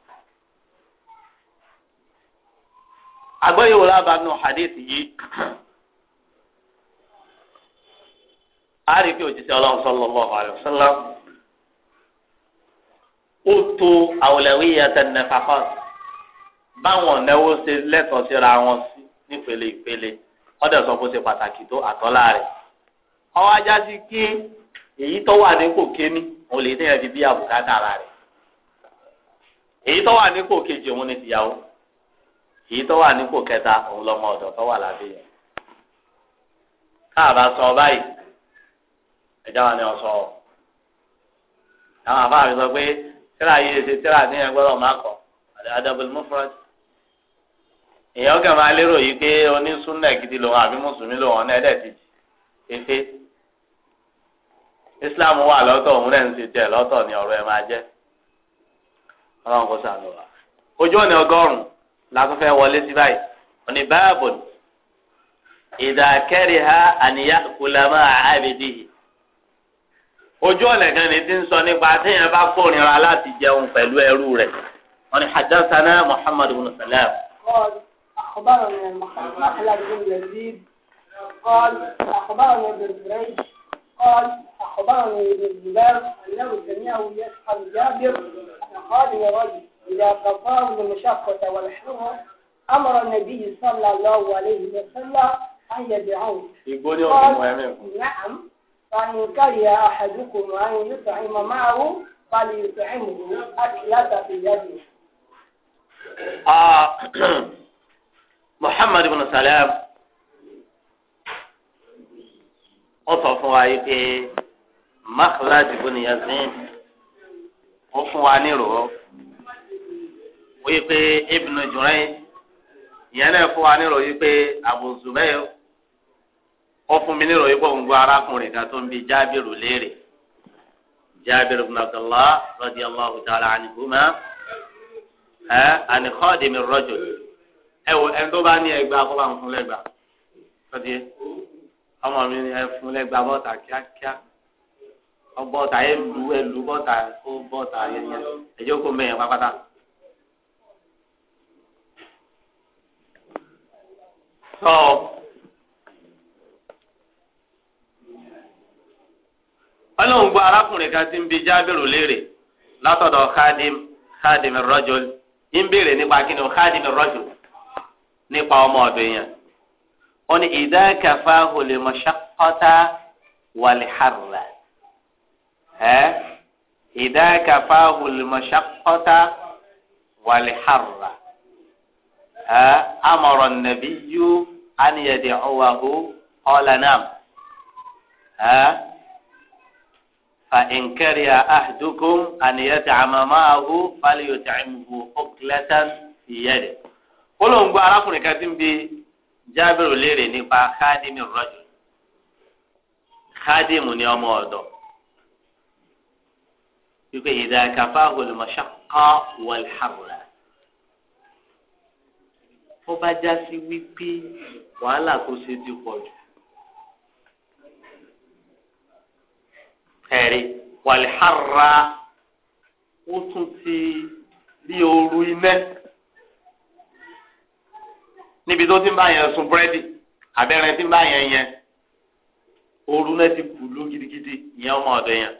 agbẹ́yẹ̀wò lába nù hadith yìí a rí pé òjijì ọlọ́run sallallahu alaihi wasallam ó to awlawiyat an-nafaqat báwọn náwó ṣe lẹ́tọ̀ọ́ síra wọn sí nípele ìpele ọ̀dọ̀ sọ pé ó ṣe pàtàkì tó àtọ́lá rẹ̀ ọwọ́ ajá sí kí èyí tó wà ní kéní òun lè tẹ̀yẹ̀ fi bí àbùkátà ara rẹ̀ èyí tó wà ní kejì òun ni tìyàwó èyí tó wà nípò kẹta òun lọmọ ọ̀dọ̀ tó wà lábẹ́ yẹn káàbà sọ báyìí ẹjọ́ wa ni ọ sọ àwọn afáàmì sọ pé tíra yìí ṣe tíra ní ẹgbẹ́rún máa kọ adabul mufrad èèyàn kàn máa lérò yìí pé onísúnnà gidi lòun àbí mùsùlùmí lòun ọ̀nà ẹ̀dẹ̀ ti islam wà lọ́tọ̀ òun rẹ̀ ń ṣe tiẹ̀ lọ́tọ̀ ni ọ̀rọ̀ ẹ̀ máa jẹ́ ọlọ́run kó sànù wa ojú ọ̀nà ọgọ́rùn-ún látúfẹ́ wọlé sí báyìí òní báàbò ìdàkẹ́rì ha àníyá kùlàmọ́ àbẹ̀dìhì ojú ọ̀lẹ̀ kan ní ti ń sọ nípa téèyàn bá kórìíra láti jẹun pẹ̀lú ẹrú rẹ̀ wọ́n ní hadassana muhammadu bin salam. أخبرنا محمد بن يزيد قال أخبرني ابن جريج قال أخبرني ابن الزبير أنه سمعه يسأل جابر فقال يا رجل إذا قضاه المشقة والحرة أمر النبي صلى الله عليه وسلم أن يدعوه قال نعم فإن كره أحدكم أن يطعم معه فليطعمه أكلة في يده محمد بن Salam ó sọ fún wa yìí pé Makhlad ibn Yazid ó fún wa nírò wọ́n pé Ibn Jurayj ìyẹn náà fún wa níròyìn pé Abu Zubayr ó fún mi níròyìn pé òun gbọ́ arákùnrin kan tó ń bi Jábìrù léèrè Jábìrù ibn Abdullah radiyallahu ta'ala anhuma ẹ àni khadim ar ẹ wò ẹni tó bá ní ẹgbàá kó ń fún lẹ́gbàá lọ́dí ọmọ mi ẹ fún lẹ́gbàá bọ́ta kíákíá ọgbọ́ta ẹ lu ẹ lu bọ́ta kó bọ́ta yẹn yẹn ẹjọ́ kó mẹ́yẹn pápátá. sọ ọ. ọlọ́run gba arákùnrin kan tí ń bi jábìrù léèrè látọ̀dọ̀ khadim khadim rọ́jòl ń béèrè nípa kíni khadim rọ́jòl nípa ọmọ ọ̀dọ̀ yẹn. ó ní ìdá kẹfà olè mọ̀ṣákọ́tà wàlẹ̀ harra. ìdá kẹfà olè mọ̀ṣákọ́tà wàlẹ̀ harra amọ̀rọ̀ nàbí yú ánìyẹ̀dẹ̀ ọ̀wàhó ọ̀lànàm fa nkẹ́rì àdúgbòm àníyẹ̀dẹ̀ àmàmáhó fàlẹ́yọ̀tẹ̀ àmìhó ọ̀kìlẹ́tàn ìyẹ̀dẹ̀. olóńgbò arákùnrin kan ti ń bi jábìrì léèrè nípa kádìmì rọ́jò kádìmù ni ọmọ ọ̀dọ̀ wípé ìdá kàfáhùn lè mọ̀ ṣàkọ́ wọlé hàrùrà ó bá já sí wípé wàhálà tó ṣe ti pọ̀ jù. ẹ̀rí wàlíhàrá ó tún ti bí ooru iná níbi tó ti ń bá yẹn sun búrẹ́dì abẹ́rẹ́ ti ń bá yẹn yẹn ooru náà ti kù ló ìyẹn ọmọ ọ̀dọ̀ yẹn.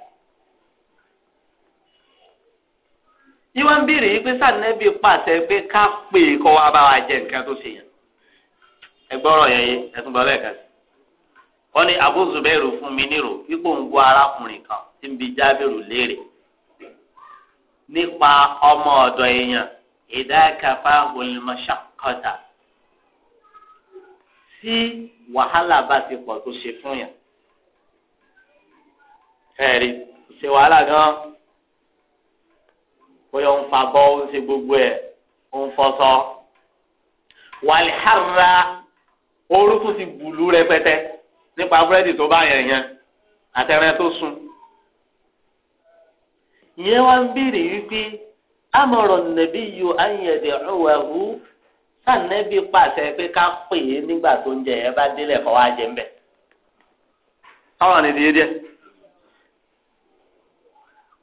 ní mbiri ń bèrè yìí pé sànẹ́bí pàṣẹ pé ká pè é kọ́ wa bá wa jẹ nǹkan tó ṣe yẹn ẹ gbọ́rọ̀ yẹn yé ẹtún sí fún mi nírò pípò ń gbọ́ arákùnrin kan tí ń bi Jábìrù léèrè nípa ọmọ ọ̀dọ̀ èèyàn ìdákàfà olùmọ̀ṣàkọ́ta tí wàhálà bá ti pọ̀ tó ṣe fún yàn. ẹ̀rí ṣe wàhálà gan bóyá ń fa bọ́ ń ṣe gbogbo ẹ̀ ń fọṣọ. wàlíhàrá orúkú ti bùlù rẹpẹtẹ nípa búrẹ́dì tó bá yẹn yẹn àtẹrẹ tó sùn. ìyẹn wá ń bèrè wípé amọ̀rọ̀ nàbí yo ayẹ̀dẹ̀ ọ̀wẹ̀hu sànẹ́bí pàṣẹ pé ká pè é nígbà tó ń jẹ ẹ bá délẹ̀ kọ́ wá jẹ ń ọ̀rọ̀ nìdíyẹ díẹ̀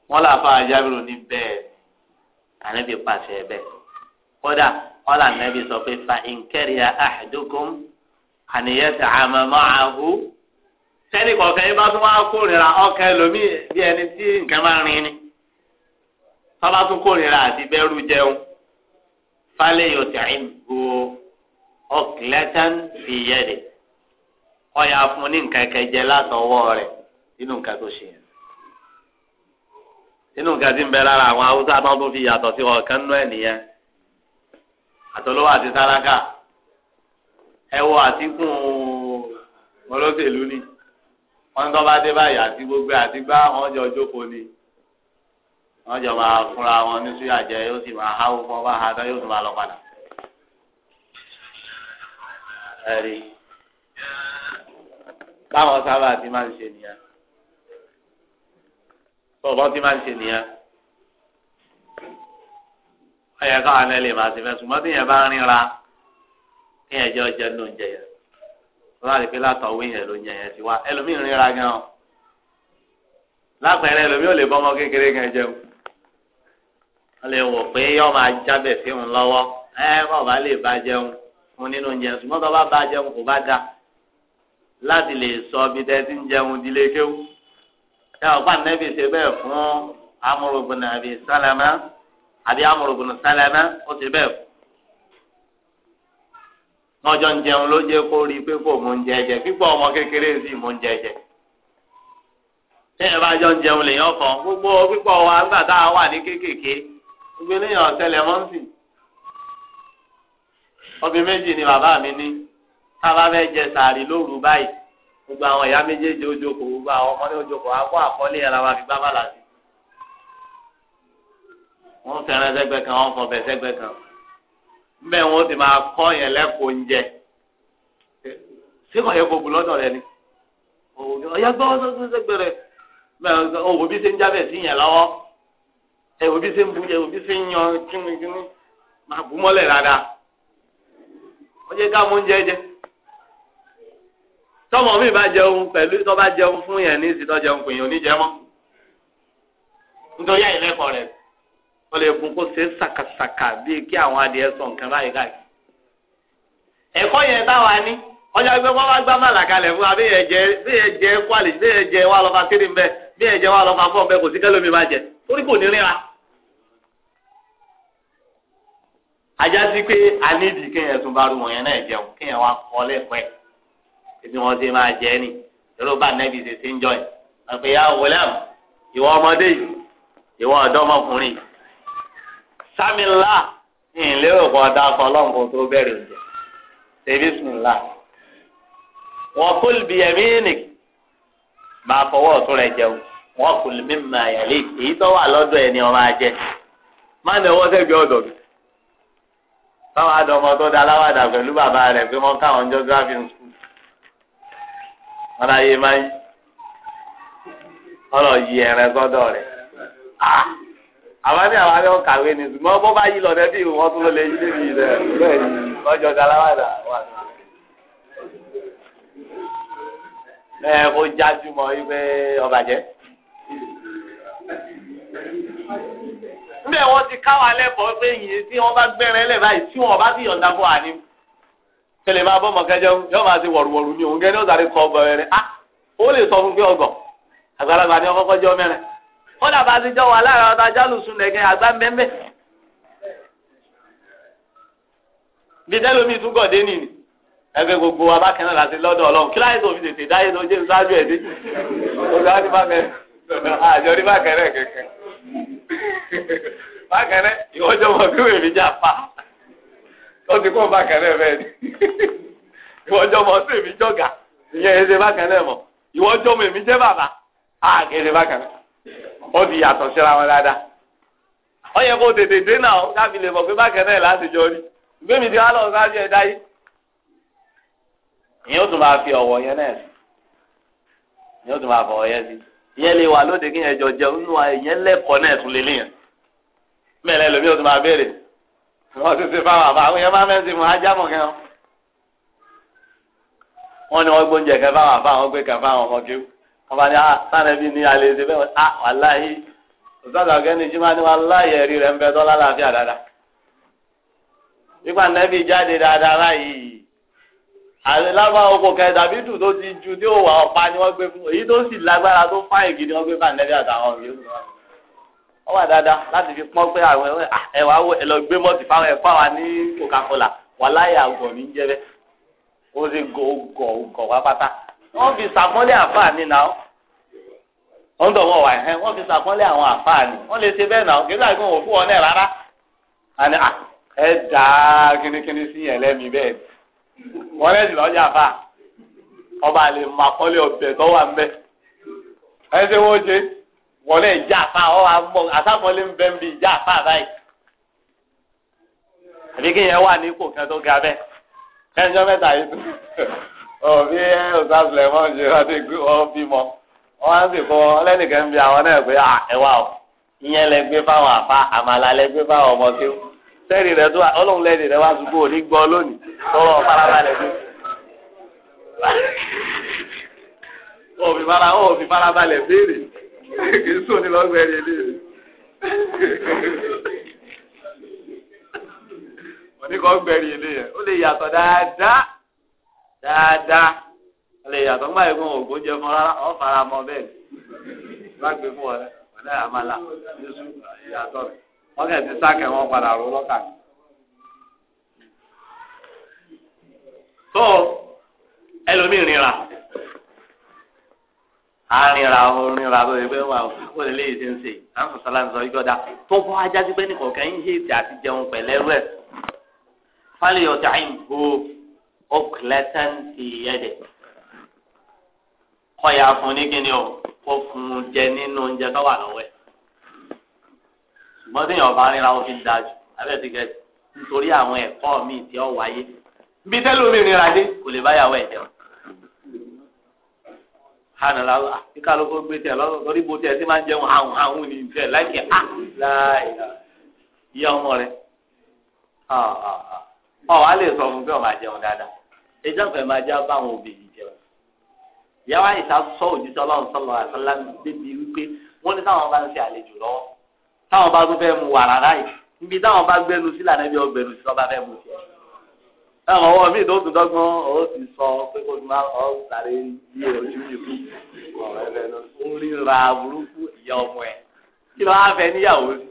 wọ́n làfa àjábìrò ní bẹ́ẹ̀ ànábì pàṣẹ bẹ́ẹ̀ kódà ọlà ànábì sọ pé fa nkẹrìà àdókòm àníyẹsẹ àmàmọ àhú sẹni kọkẹ ibà tó wá kórìíra ọkẹ lomi bí ẹni tí nǹkan máa rin ni tọ́ba tó kórìíra àti bẹ́rù jẹun falẹ̀ yóò tẹ̀ ẹ́ bò ọ̀kìlẹ́tàn fìyẹ́ de ọ̀yà fún ní nǹkan kẹjẹ látọwọ́ rẹ̀ nínú nǹkan tó ṣe yẹn inú nǹkan tí ń bẹ lára àwọn haúsá tó tún fi yàtọ̀ sí ọ̀kan nú ẹ̀ nìyẹn àtọlọ́wọ́ àti tálákà ẹwọ àtikún olóṣèlú ni wọn tó bá dé báyìí àti gbogbo àti gbá wọn jọ jókòó ni wọn jọ máa fúnra wọn ní súyà jẹ yóò sì máa háwó fún ọba àtọ yóò sì máa lọ padà. báwọn sábà ti máa ń ṣe nìyẹn ọba ti máa ń ṣe nìyẹn ọyẹ káwọn náà lè máa ṣe fẹ́ tí yẹn bá rinra tí yẹn jẹ́ ọjọ́ ló ń yẹn wọ́n á lè fi yẹn ló ń jẹ yẹn sí wa ẹlòmíì rinra gan o lápẹẹrẹ ẹlòmíì ò lè bọ́ ọmọ kékeré gan jẹun wọ́n lè wò pé yọ́ máa jábẹ̀ sí òun lọ́wọ́ ẹ bá lè bá jẹun fún nínú oúnjẹ ṣùgbọ́n tó bá bá jẹun kò bá da láti lè sọ ibi tẹ́ ti ń jẹun dílé kéwù ẹ ọ̀pá nẹ́bí ṣe bẹ́ẹ̀ fún amúrògùn àbí sálámà àbí amúrògùn sálámà ó ṣe bẹ́ẹ̀ fún. mọ́jọ́ ń jẹun ló jẹ́ kó rí i pé kò mú oúnjẹ jẹ pípọ̀ ọmọ kékeré sì mú oúnjẹ jẹ. tẹ́yẹ̀ bá jọ ń jẹun lèèyàn kan gbogbo pípọ̀ wa nígbà tá a wà ní kéékèèké gbogbo eléyàn ọ̀sẹ̀lẹ̀ mọ́ǹsì. obì méjì ni bàbá mi ní tá jẹ sàárì lóru báyìí gbogbo àwọn ìyá méjèèjì ojoko jókòó gbogbo àwọn ọmọ ní ojoko jókòó akọ yẹn la fi gbá bàlá sí. wọ́n fẹ́ràn kan wọ́n fọ̀bẹ̀ kan mbẹ́ wọn ti máa kọ́ yẹn lẹ́kọ̀ọ́ oúnjẹ síkọ̀ yẹn kò lọ́dọ̀ rẹ ni ọ̀yà gbọ́ rẹ òwò bí ṣe ń jábẹ̀ sí yẹn lọ́wọ́ bí ṣe ń bí ṣe ń yan kíni kíni máa bù mọ́lẹ̀ ká mú oúnjẹ tọmọ mi bá jẹun pẹ̀lú tọ́ bá jẹun fún yẹn ní ìsìtọ́ jẹun kò yẹn ò ní jẹ mọ́ nítorí àìlẹ́kọ̀ọ́ rẹ̀ wọ́n lè gun kó ṣe sàkàsàkà bíi kí àwọn adìẹ sọ nǹkan báyìí káàkiri ẹ̀kọ́ yẹn táwa ní ọjà gbé wọn wá gbá màlà kalẹ̀ fún wa bí yẹn jẹ bí yẹn jẹ kwalì bí yẹn jẹ wà lọ́fà tírì mbẹ bí yẹn jẹ wà lọ́fà fọ́ mbẹ kò sí kẹlómi má jẹ torí kò ní ríra. ajá sí pé a kéèyàn tún bá rú wọn yẹn náà jẹun kéèyàn wá kọ́ lẹ́kọ̀ọ́ ibi wọn ṣe máa jẹ ni yọrọ bá nẹbi ṣe ṣe ń jọ yìí àpè ya wọlẹm ìwọ ọmọdé yìí ìwọ ọ̀dọ́mọkùnrin sámìlá ìlérò kan dákọ ọlọ́nkọ tó bẹ̀rẹ̀ oúnjẹ ṣèbí sùnìlá wọn kò bí ẹmí nìk máa fọwọ́ ọ̀tún rẹ jẹun wọn kò lè mímọ àyàlẹ èyí tó wà lọ́dọ̀ ẹni ọmọ ajẹ má ní ọwọ́ sẹ́gbẹ̀ẹ́ ọ̀dọ̀ mi táwọn àdọ́mọ tó da aláwàdà pẹ̀lú bàbá rẹ̀ pé wọ́n káwọn jọ́gráfì ń sùn wọn náà máa ń ọlọ yí ẹrẹ gbọ́dọ̀ rẹ ah! àwọn àwọn abẹ́wò kàwé ni ṣùgbọ́n bó bá yí lọ dẹ́bí wọn tún ló lè yí débi rẹ bẹ́ẹ̀ ni lọ́jọ́ daláwàdà wà ní. ẹ kó jájú mọ wípé ọbàjẹ́. níbẹ̀ wọ́n ti káwa lẹ́kọ̀ọ́ pé yìí tí wọ́n bá gbẹ́rẹ́ lẹ̀ báyìí tí wọ́n bá ti yọ̀ǹda fún wa kẹlẹ máa bọ mọkẹjọ yóò máa ti wọrùwọrù ni òun gẹni ó kọ ọgbọ rẹ a ah! ó lè sọ fún pé ọgbọ àgbàlagbà ni jọ mẹ́rin kódà bá ti jọ wà lára ọta jálùsùn nẹkẹ àgbà mbẹmbẹ bí tẹlomi gbogbo abákẹ́nà ó ti kó bákan náà bẹ́ẹ̀ ni ìwọ́jọ́ mọ̀ sí èmi jọ̀gà ìyẹn ẹsẹ̀ bákan náà mọ̀ ìwọ́jọ́ mọ̀ èmi jẹ́ bàbá á kẹsẹ̀ bákan náà ó ti yàtọ̀ síra wọn dáadáa ó yẹ kó tètè dé náà káfí lè mọ̀ pé bákan náà láti jọ rí gbẹ̀mí ti wá lọ sáájú ẹ̀ dáyé ìyẹn ó tún máa fi ọ̀wọ̀ yẹn náà sí ìyẹn ó tún máa fọwọ́ yẹn sí ìyẹn lè wà lóde kí yẹn jọ jẹun nínú ìyẹn lẹ́kọ̀ọ́ náà tún lélẹ́yìn mẹ́lẹ́ lómi ó tún máa béèrè wọ́n ti ṣe fáwọn àbá àwọn yẹn máa mẹ́sìn mọ́ ajá mọ̀ kẹ́hàn. wọ́n ní wọ́n gbóúnjẹ kẹ́ fáwọn àbá àwọn gbé kẹ́ fáwọn ọmọ kéwù. wọ́n bá ní ah, sáré bí ní alẹ́ ṣe bẹ́ẹ̀ ah wàláhì ọ̀sán àgbẹ̀ ní jimá ní wàláhì ẹ̀rí rẹ̀ ń bẹ tọ́lá láàfíà dáadáa. nígbà nẹ́bí jáde dáadáa báyìí àrẹ lágbára oko kẹta bí tó ti ju tí ó wà ọ̀pá ni wọ́n gbé fún èyí tó sì lágbára tó fáyìn gidi wọ́n gbé fún ànẹ́bí àtàwọn yòókù náà. ó wà dáadáa láti fi pọ́n pé àwọn ẹwà lọ gbé mọ́tì fáwọn ẹ̀fọ́ wa ní Coca-Cola wà láyé ní jẹ́rẹ́ ó ṣe gọ̀ọ̀gọ̀ gọ̀ wá pátá wọ́n fi sàkọ́lé àfáà náà wọ́n tọ̀ wọ́n wà ẹ̀hẹ́ wọ́n fi àwọn wọ́n lè ṣe bẹ́ẹ̀ náà kí ló àgbọn òfú wọn náà rárá ẹ dáa kínníkínní sí yẹn lẹ́mìí bẹ́ẹ̀ wọlé ìjà àfa ọ àsámọlé ń bẹ ń ìjà àfa báyìí àbí kéèyàn wà ní ipò kan tó ga bẹ́ẹ̀ ẹnjọ́ mẹ́ta yìí tún *laughs* òbí ọ̀sàbùlẹ̀ mọ́ ṣe wá sí gbé wọn bímọ wọn á sì fún wọn ń bi àwọn náà pé ẹwà o ìyẹn lẹ gbé fáwọn àfa àmàlà lẹ gbé fáwọn ọmọ kí ó sẹ́ẹ̀rì tó ọlọ́run lẹ́ẹ̀dì rẹ wá ṣubú òní gbọ́ lónìí tọrọ farabalẹ̀ gbé *laughs* òbí farabalẹ̀ béèrè. kì í sùn ní ilé rẹ̀. oníkan gbẹ̀rì ilé yẹn ó lè yàtọ̀ dáadáa dáadáa ó lè yàtọ̀ gbáyé fún ògùn jẹ fún rárá ọ fara mọ bẹ́ẹ̀ fún ọ̀rẹ́ ọ̀rẹ́ àmàlà yéṣu yàtọ̀ rẹ̀ wọ́n kẹ̀ ti sákẹ̀ wọn padà rú lọ́kà. tó ẹlòmíràn arìnrà orìnrà ló ẹgbẹ́ wa ó lè léyìí ṣe ń ṣe àǹfọ̀ sálàmù sọ ìjọba tó bọ́ ajá sí pé nìkọ̀ọ̀kan ń ṣe èdè àti jẹun pẹ̀lẹ́rú ẹ̀ fálẹ̀ ọ̀tá ìbò ọ̀kìlẹ́tàn ti ẹ̀dẹ̀ kọ́ya fún ní kíni o kó fún un jẹ nínú oúnjẹ tó wà lọ́wọ́ ẹ̀ tí èèyàn bá rìnrà ó fi ń dájú abẹ́ ti nítorí àwọn ẹ̀kọ́ míì tí ó wáyé bí tẹ́lómi rìnrà dé kò lè báyàwó ẹ̀ jẹun hàn lálá ah, kíkálukú gbé tẹ lọ́dọ̀ torí bo tẹ ẹ ti máa ń jẹun àwọn àwọn ní ìfẹ́ láìkẹ́ á láìlá ìyá ah rẹ ah, ah. ọ wà lè sọ fún pé ọ máa jẹun dáadáa ẹjọ́ fẹ́ máa já báwọn òbí yìí jẹun ìyá wa ìta sọ òjíṣẹ́ ọlọ́run sọlọ àṣọlá débi wípé wọ́n ní táwọn bá ń ṣe àlejò lọ́wọ́ táwọn bá tún fẹ́ mu wàrà láì níbi táwọn bá gbẹnu sílànà ẹbí ọgbẹnu sí ọba fẹ́ mu tiẹ̀ ẹ̀wọ̀n ọwọ́ mi tó tún dọ́gbọ́n ó ti sọ pé kó tún bá ọ sáré ní ojú ìlú ọ̀rọ̀ ẹ̀rẹ̀ lọ ń ríra burúkú ìyá ọmọ ẹ̀ kí ló wá fẹ́ níyàwó sí.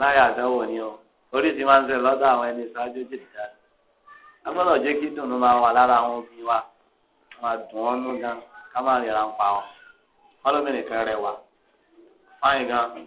láyé àtẹ̀wò ni o oríṣi máa ń ṣe lọ́dọ̀ àwọn ẹni ṣáájú jìnnìjà a gbọ́dọ̀ jẹ́ kí dùnú máa wà lára àwọn òbí wa máa dùn ọ́ nú gan ká má ríra ń pa ọ́ ọlọ́mìnì kan rẹwà gan.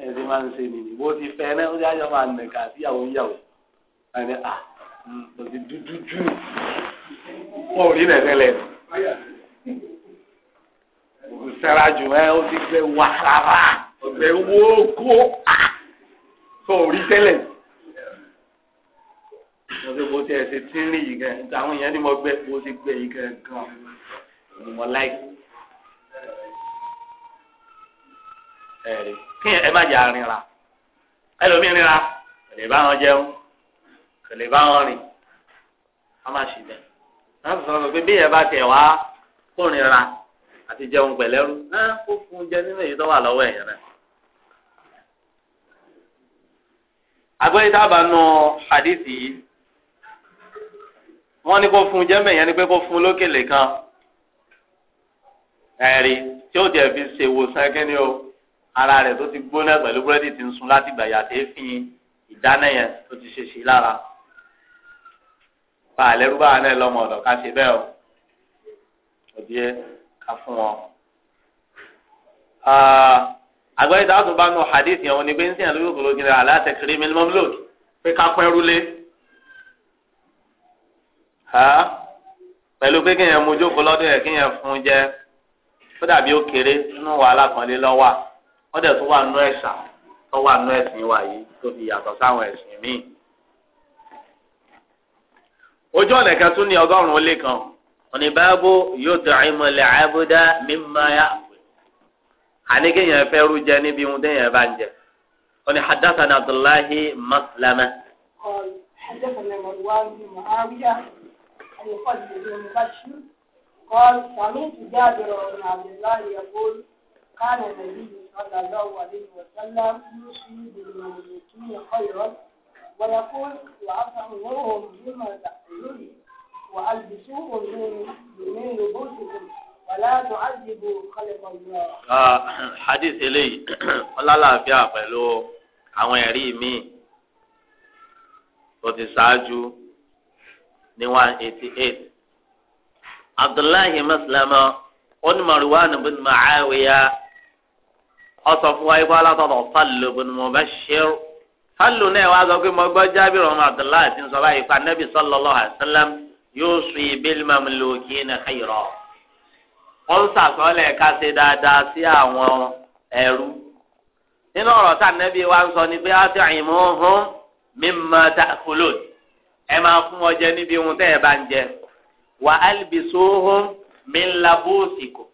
ẹ̀ ṣe máa ń ṣe nìyí bó ti fẹ́ náà ó yá yọ máa nà kà síyàwó yàwó ẹni à kò sí dúdú jù wọn ò rí nẹ̀tẹ́lẹ̀ kò sẹ́ra jù ẹ́ ó ti gbẹ wàhálà ọ̀gbẹ́ wo kó kò rí tẹ́lẹ̀ wọ́n ti bó ti ẹ̀ ṣe tínrín yìí gan àwọn èèyàn ni mo gbẹ bó ti gbẹ yìí gan gan ni mo láì. ẹ̀rí kí ẹ má jẹ́ arìnrìn ẹlòmíràn kò lè bá wọn jẹun kò lè bá wọn rìn a máa ṣì bẹ́ẹ̀ wọ́n sọ pé bí ẹ bá tẹ̀ wá kórìíra àti jẹun pẹ̀lẹ́rú náà kó fún un jẹ nínú èyí tó wà lọ́wọ́ ẹ̀yẹ rẹ̀. agbẹ́yìí dábà nù hadithi yìí wọ́n ní kó fún jẹ́mbẹ̀ yẹn ni pé kó fún lókèlè kan ẹ̀rí tí ó jẹ́ fi ṣèwòsàn kínní o ara rẹ̀ tó ti gbóná pẹ̀lú búrẹ́dì ti ń sun láti gbàyà tó fi ìdáná yẹn tó ti ṣe sí lára bá àlẹ́rú bá àánẹ́ lọ́mọ ọ̀dọ̀ ká ṣe bẹ́ẹ̀ o òbí ẹ ká fún wọn. Ah, àgbẹ̀yìn táwọn tó bá nu hadith yẹn wọn ni pé ń sìn àlùyò kòló kiri àlá tẹkiri mi lọ́mú lòdì pé ká pẹ́ rúlé. Ah, pẹ̀lú pé kéèyàn mú jókòó lọ́dún yẹn kéèyàn fún jẹ́ ó dàbí ó kéré nínú wàhálà kan lé lọ́wọ́ à. dẹ̀ tó wà nú ẹ̀sà tó wà nú ẹ̀sìn wa yìí tó fi yàtọ̀ sáwọn ẹ̀sìn míì ojú ọ̀nà kan tún ní ọgọ́rùn-ún lé kan òní báàbò yóò tẹ àìmọ̀lẹ̀ àbúdá àní kéèyàn fẹ́ rú jẹ níbi ohun téèyàn bá ń jẹ òní abdullahi كان النبي صلى الله عليه وسلم يوصي بالمملوكين خيرا ويقول وأطعموهم بما تأكلون وألبسوهم من لبوسكم ولا تعذبوا خلق الله. حديث إلي ولا لا فيها pẹ̀lú àwọn ẹ̀rí mi tó ti ṣáájú ní one eighty eight abdullahi maslama onímọ̀rùwánu bin ma'awiya ọsọ fún wa ikú alátọ̀tọ̀ fálò bùnú mo bá ṣẹ́rù fálò náà wá sọ pé mo gbọ́ jábìrì ọmọ abdullahi ti ń sọ báyìí pa nẹ́bí sallallahu alaihi wasallam yóò sùn ìbílẹ̀ mamlukina khayra wọ́n ń sàkọọ́lẹ̀ ká ṣe dáadáa sí àwọn ẹrú nínú ọ̀rọ̀ tá nẹ́bí wa ń sọ ni pé á ti àyìnbó hún mimma ta'kulun ẹ máa fún wọn jẹ níbi ohun tẹ́ ẹ bá ń jẹ wa albisu hún min labusikum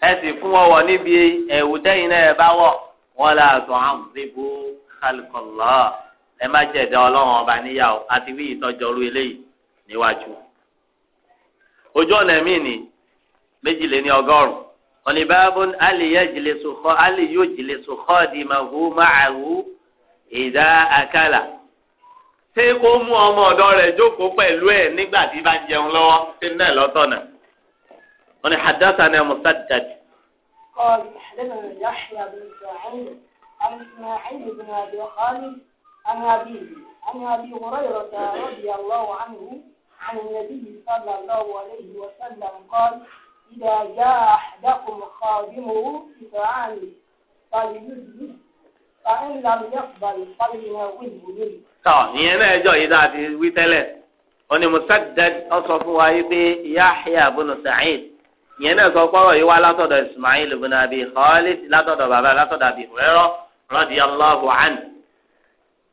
ẹ sì fún wọn wọ níbi ẹ̀wù tẹ́yìn náà ẹ bá wọ̀ wọn là tó àwọn ìbò kálukọ̀lọ́ ẹ má jẹ̀dá ọlọ́run ọba níyàwó àti bí ìtọ́jọ́rú eléyìí níwájú. ojú ọ̀nà míì ní méjìléní ọgọ́rùn-ún oníbàbọ̀ àlìyé jìlẹ̀sù kọ́ àlìyó jìlẹ̀sù kọ́ di màhú máàhú ìdá àkàlà. ṣé kó mú ọmọ ọ̀dọ́ rẹ̀ jókòó pẹ̀lú ẹ̀ nígbà tí bá jẹun lọ́wọ́ ṣé náà lọ́tọ̀ wọn ni haddathana musaddad. قال حدثنا يحيى بن سعيد عن اسماعيل بن ابي خالد عن ابيه عن ابي هريره رضي الله عنه عن النبي صلى الله عليه وسلم قال اذا جاء احدكم خادمه بطعامه فليجلس فان لم يقبل فليناوله منه. tọ́ ìyẹn náà ẹjọ́ yìí dáa ti wí tẹ́lẹ̀ wọ́n ni ọ sọ fún wa yìí pé yahya bùnú sa'id ìyẹn náà sọ pọ́rọ̀ yìí wá látọ̀dọ̀ Ismail ibn Abi Khalid látọ̀dọ̀ bàbá látọ̀dọ̀ Abi Hurairah radiyallahu anhu.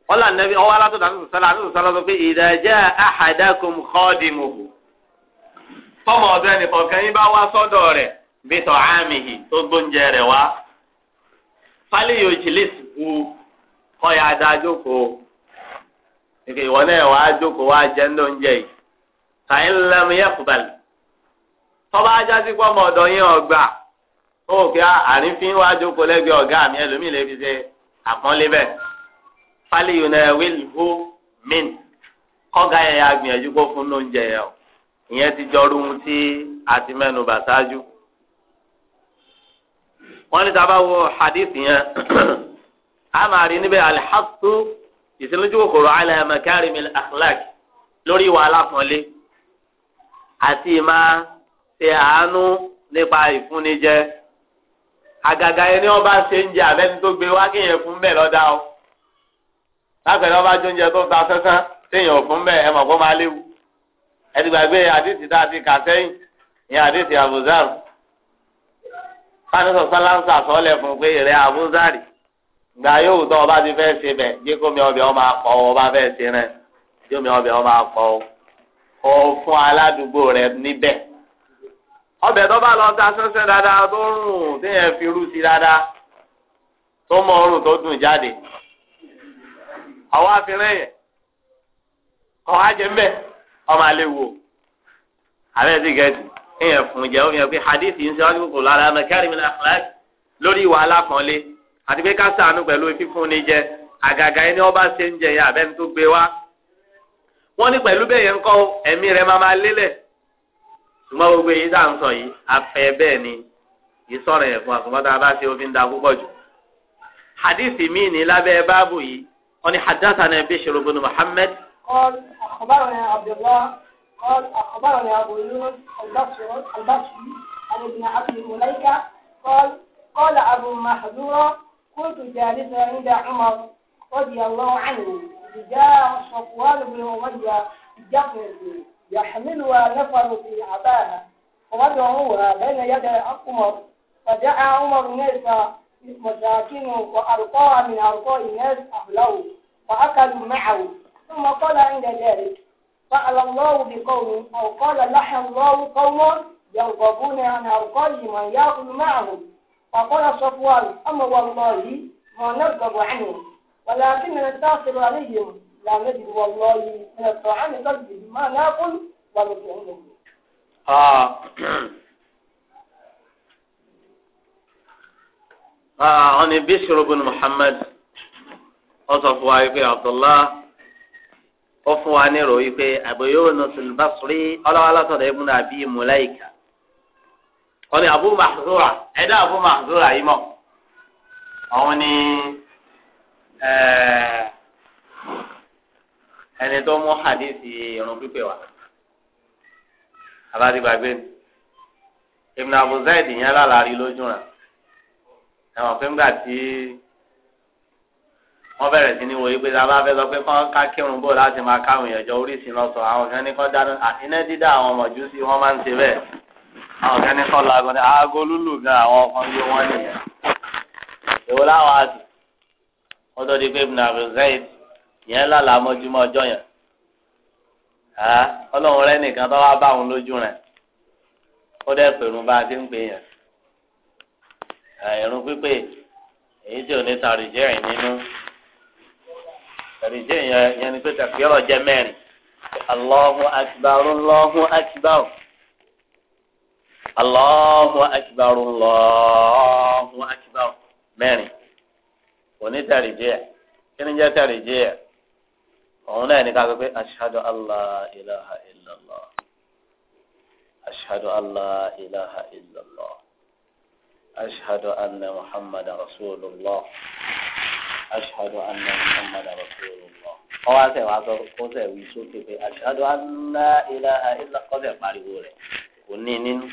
wọ́n là nẹ́bí ọwọ́ látọ̀dọ̀ àti sọ̀sọ́lá àti sọ̀sọ́lá sọ pé idha jaa ahadakum khadimuhu. tọ́mọ ọ̀dọ́ ẹnìkan kan yín bá wá sọ́dọ̀ rẹ̀ bi ta'amihi tó gbóúnjẹ rẹ̀ wá. fálẹ̀ yóò jìlẹ̀ sùkú kọ́ ya dá jókòó. ìwọ náà wàá jókòó wàá jẹ́ ń tọ́ba ajásí pọ́ ọmọ ọ̀dọ́ yín ọgbà òkè ah, àrífín wá jókòó lẹ́gbẹ̀ẹ́ ọ̀gá mi ẹlòmíì lè fi ṣe àpọ́nlé bẹ́ẹ̀ fálíyù náà wíìlì hó mìn kọ́gà yẹn ya gbìyànjú kó fún lóúnjẹ yẹn o ìyẹn ti jọ rúhun tí a ti mẹ́nu bà ṣáájú. wọ́n ní sábà wo hadith yẹn a máa rí níbẹ̀ alḥasu ìsinlójú kòkòrò ala makarimil akhlaq lórí ìwà alákànlé àti ìmáa ṣe àánú nípa ìfúnnijẹ àgàgà yẹn ni wọn bá ṣe ń jẹ àbẹ́ni tó gbé wá kéèyàn fún bẹ́ẹ̀ lọ́dá o lápẹ̀lẹ́ wọn bá jóúnjẹ tó ta sánsán téèyàn fún bẹ́ẹ̀ ẹ mọ̀ kó máa léwu ẹdìgbàgbé àdìsí tá a ti kà sẹ́yìn ìyẹn àdìsí àbùzár fani sọ̀sán láǹsà fún pé ìrẹ́ àbùzárì gbà yóò tọ́ ọba ti fẹ́ ṣe bẹ̀ jẹ́ kó mi ọbẹ̀ ọmọ akọ ọba fẹ́ ṣe rẹ̀ jẹ́ mi ọbẹ̀ ọmọ akọ ọ fún aládùúgbò rẹ̀ níbẹ̀ ọbẹ̀ tó bá lọ ta sẹ́sẹ́ dáadáa tó rùn téèyàn fi rú sí dáadáa tó mọ ọrùn tó dùn jáde àwọn afẹ́rẹ́ yẹn kọ́ wá jẹ́ mbẹ́ ọmọ alẹ́ wo àbẹ́ ti gẹ̀ẹ́dì èèyàn fún jẹ́ ó fi hàn pé hadith yìí ń sọ ọ́ kò lára ẹ̀mọ kẹ́rin mi fúláì lórí ìwà alákànlé àti pé ká ṣàánú pẹ̀lú fífúnni jẹ àgàgà ẹni ọba ṣe ń jẹ yẹn àbẹ́ni tó gbé wá wọ́n ní pẹ̀lú bẹ́ẹ̀ yẹn ń kọ́ ẹ̀mí rẹ̀ máa máa lélẹ̀ ṣùgbọ́n gbogbo èyí tá à ń sọ yìí afẹ́ bẹ́ẹ̀ ni ìsọ̀rọ̀ ẹ̀ fún àtúntò tá a bá ṣe ó fi ń da púpọ̀ jù. hadith mi ní lábẹ́ báàbù yìí wọ́n ní haddathana Bishr ibn Muhammad. قال أخبرنا عبد الله قال أخبرنا أبو يونس البصري البصري عن ابن أبي مليكة قال قال أبو محذورة كنت جالسا عند عمر رضي الله عنه جاء صفوان بن أمية بجفنه يحملها نفر في عبانة ووضعوها بين يدي عمر فجاء عمر الناس مساكين وأرقاها من أرقاء الناس أهله فأكلوا معه ثم قال عند ذلك فعل الله بقوم أو قال لحى الله قوما يرغبون عن أرقائهم من يأكل معهم فقال صفوان أما والله ما نرغب عنهم ولكن نستغفر عليهم لا نجد والله من الطعام قد ما ناكل ونطعمه آه عن بشر بن محمد ọsọ fún wa wípé abdullah ó fún wa ní ìròyìn pé àbẹ̀yẹ̀wò nọ́ọ̀sìn basri ọlọ́wọ́ alásọ̀dọ̀ ibùdó àbí mùláìkà wọ́n ní abu ẹni tó mú hadithi irun pípé wa aládìgbàgbé ni Ibn Abu Zaid yẹn lálàrí lójú rẹ̀ ẹ̀wọ̀n pé ńgbà tí wọ́n bẹ̀rẹ̀ sí ní wo ipe tá a bá fẹ́ sọ pé kán ká kírun bò láti máa káwọn èèyàn jọ oríṣi lọ́sọ̀ àwọn kan ní kán dáná iná dídá àwọn ọmọ jù sí wọ́n máa ń ṣe bẹ́ẹ̀ àwọn kan ní kán lọ agbọ̀n aago lúlù gan àwọn kan yó wọ́n nìyẹn èwo láwọn àti wọ́n tó di pé Ibn Abu Zaid yẹn lálàá mọ́júmọ́ ọjọ́ yẹn ọlọ́run rẹ nìkan tó wá bá òun lójú rẹ̀ ó dẹ́ pèrún bá a ti ń pè yẹn ẹ̀rùn pípé èyí tí ò ní tàrìjẹ́ rìn nínú tàrìjẹ́ yẹn yẹn ni pé tàkìyọ̀rọ̀ jẹ mẹ́rin òun náà ní ká sọ pé ashhadu allah ilaha illallah ashhadu allah ilaha illallah ashhadu anna muhammadan rasulullah ashhadu anna muhammadan rasulullah ọwọ́ àti ẹ̀wà sọ kó sẹ̀ wí sókè pé ashhadu anna ilaha illallah kọ́sẹ̀ pariwo rẹ̀ kò ní nínú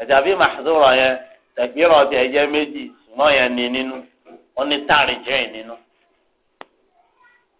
ẹ̀jẹ̀ àbí màṣúrọ̀ yẹn tẹ̀gbìrọ̀ tiẹ̀ jẹ́ méjì ṣùgbọ́n yẹn ní nínú wọ́n ní tààrí jẹ́ nínú.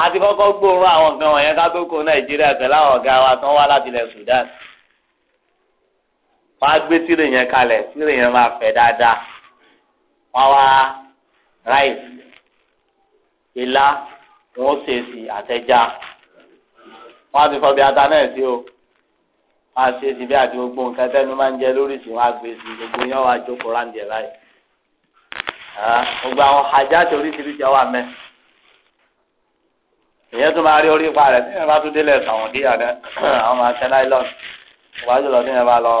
a ti kọ́kọ́ gbóòórùn àwọn nǹkan wọ̀nyẹn ká tó kó nàìjíríà pẹ̀lú àwọn ọ̀gá wa tán wá láti ilẹ̀ Sudan wọ́n á gbé tírè yẹn kalẹ̀ tírè yẹn máa fẹ̀ dáadáa wọ́n wá ráìsì ilá wọ́n ṣe sí àtẹ̀já wọ́n á ti fọ́ bí ata náà sí o wọ́n á ṣe sí bí àti gbogbo nǹkan tẹ́nu máa ń jẹ lóríṣi wọ́n á gbé sí gbogbo yẹn wọ́n jókòó ráńdì ẹ̀ báyìí èyí tó máa rí orí ipa rẹ̀ tí yẹn bá tún délẹ̀ sàwọn díyà dẹ́ àwọn máa tẹ nylon ọba jùlọ tí yẹn bá lọ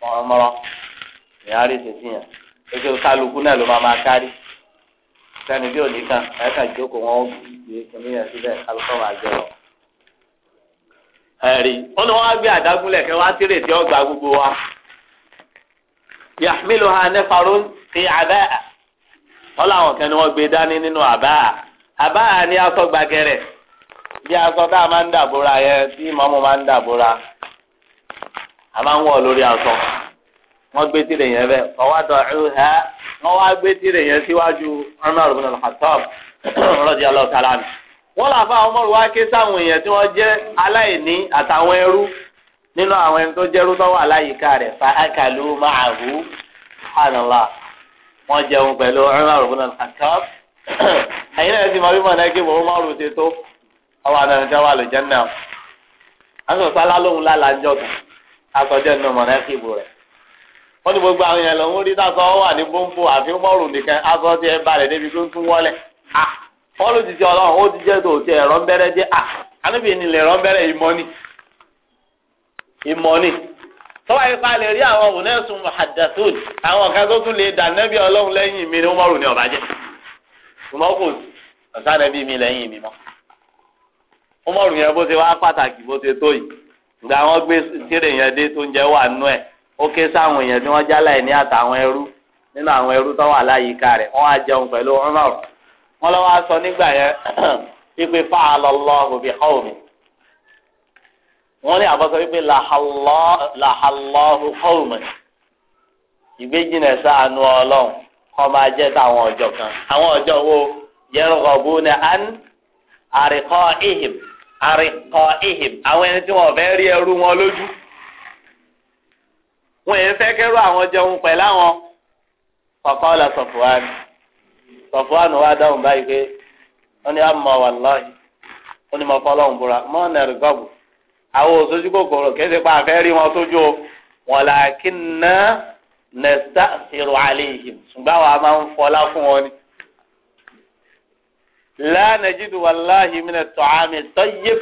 mọ́rọ́mọ́rọ́ ìyá rí tètè yẹn ètò kálukú náà ló máa máa kárí sẹ́ni bí òní kan ẹ̀ kàn jókòó wọn gbé kìnìún yẹn síbẹ̀ kálukú máa jẹ lọ. ẹ̀rí wọn ni wọ́n á gbé àdágúnlẹ̀ kẹ́ wá sí rètí ọgbà gbogbo wa yàmílò ha nẹ́fàrún ti àbá wọn làwọn kan wọ́n gbé dání nínú àbá àbá ni asọ́gbàgẹrẹ bí aṣọ tá a máa ń dàbóra yẹn tí màmú máa ń dàbóra a máa ń wọ̀ lórí aṣọ wọ́n gbé tìrẹ̀ yẹn bẹ́ẹ̀ ọwọ́ àtọ̀ ẹ̀hà wọ́n wá gbé tìrẹ̀ yẹn síwájú Umar ibn al-Khattab radiyallahu ta'ala anhu wọ́n là fún àwọn ọmọ wa ké sáwọn èèyàn tí wọ́n jẹ́ aláìní àtàwọn ẹrú nínú àwọn ẹni tó jẹ́rú tó wà láyìíká rẹ̀ fa akalu ma'ahu subhanallah wọ́n jẹun pẹ̀lú Umar ibn al-Khattab ẹ̀yin náà ti mọ bí mọ̀ náà kí wọ́n Umar ṣe tó. ọwọ́ àdánù tí wọ́n wà lè jẹ́ náà aṣọ sálá lóhùn ń jọ̀gàn aṣọ jẹ́ nínú rẹ̀ wọ́n ni gbogbo àwọn yẹn rí dáṣọ wà ní bóńbó àfi mọ́rùn nìkan aṣọ tí ẹ tó ń tún wọlé ti ti ó ti tó ti lè lè rí àwọn àwọn kan tó tún lè dà nẹ́bí ọlọ́run lẹ́yìn mi ni ní ọ̀bàjẹ́ ṣùgbọ́n kò sí ọ̀sán nẹ́bí mi Umaru yẹn bó ṣe wá pàtàkì bó ṣe tó yìí gba àwọn gbé tírè yẹn dé tó ń jẹ wà nú ẹ ó ké sáwọn èèyàn tí wọn jálà ẹ ní àtàwọn ẹrú nínú àwọn ẹrú tó wà láyìíká rẹ wọn á jẹun pẹ̀lú Umar wọn lọ wá sọ nígbà yẹn pípé fáàlọ lọhùn bí hàwùmí wọn ní àbọsọ pípé làhàlọhùn hàwùmí ìgbéjìnà sáànù Ọlọ́run kọ jẹ táwọn ọjọ́ kan àwọn ọjọ́ wo yẹrù ọbùnà án àríkọ ìhìm àríkọ ihim àwọn ẹni tí wọn fẹ́ rí ẹrú wọn lójú wọn èyí fẹ́ kẹ́rù àwọn jẹun pẹ̀lú àwọn kọ̀ọ̀kan la sọ̀fùwánì sọ̀fùwánì wa dáhùn báyìí pé wọ́n ní àmọ́ wàláhì wọ́n ní mo fọlọ́hùn búra mọ́ọ̀nà ẹ̀rù gọ́ọ̀bù àwọn òṣojú kòkòrò kẹsì pa àfẹ́ rí wọn sójú o wọn là ná nẹ́sà ìrọ̀ àlẹ́ yìí ṣùgbọ́n àwa máa ń fọlá fún wọn ni la najidu wàláhi mi nà tọ́hámi tọ́yìf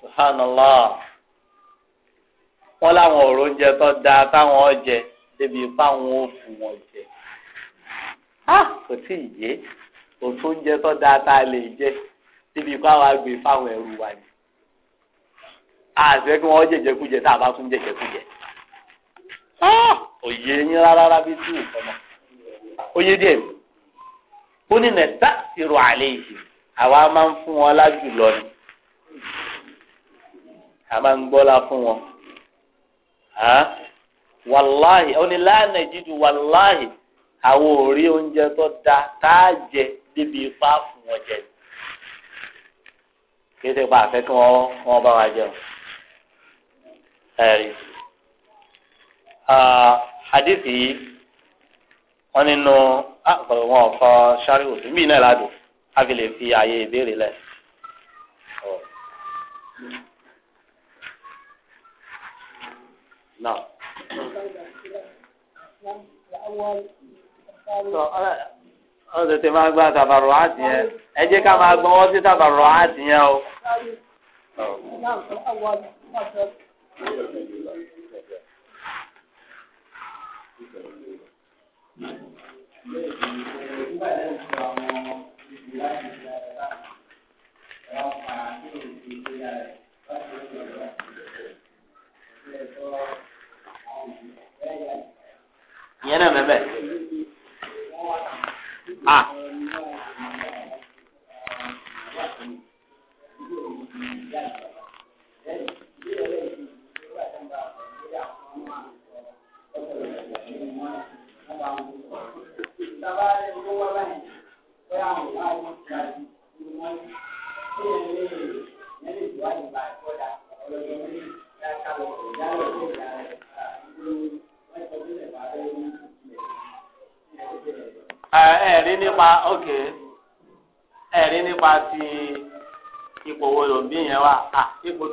subhanallah wọn làwọn ọ̀rọ̀ oúnjẹ tó dáa táwọn ọ̀jẹ̀ débi ipá wọn ò fún wọn jẹ kò tí ì yé òtún oúnjẹ tó dáa tá a lè jẹ débi ipá wa gbé e fáwọn ẹrú wa ni àṣẹ kí wọn jẹjẹkújẹ tá a bá tún jẹjẹkújẹ òye yín rárá rábí sí ìfọmọ òye díẹ̀ mi ó ní nẹ̀tà ìrò àlẹ́ yìí àwa máa ń fún wọn lájú lọ ni a máa ń gbọ́lá fún wọn wàláhì ó ní lánà jíjù wàláhì àwọn ò rí tó da tá jẹ débi ipá fún wọn jẹ kí pa àfẹ́ kí wọ́n bá wa jẹun ẹ̀rí hadith yìí wọn nínú àgbọ̀rọ̀ wọn ọ̀fọ̀ sáré òfin bíi náà ládùn a fi lè fi ààyè ìbéèrè lẹ̀. Wọ́n tètè máa gba tàbàrọ̀ àti yẹn. Ẹ jẹ́ ká máa gbọ́n wọ́n sí tàbàrọ̀ àti yẹn o. ìyẹn náà bẹ́ẹ̀ bẹ́ẹ̀. Ah.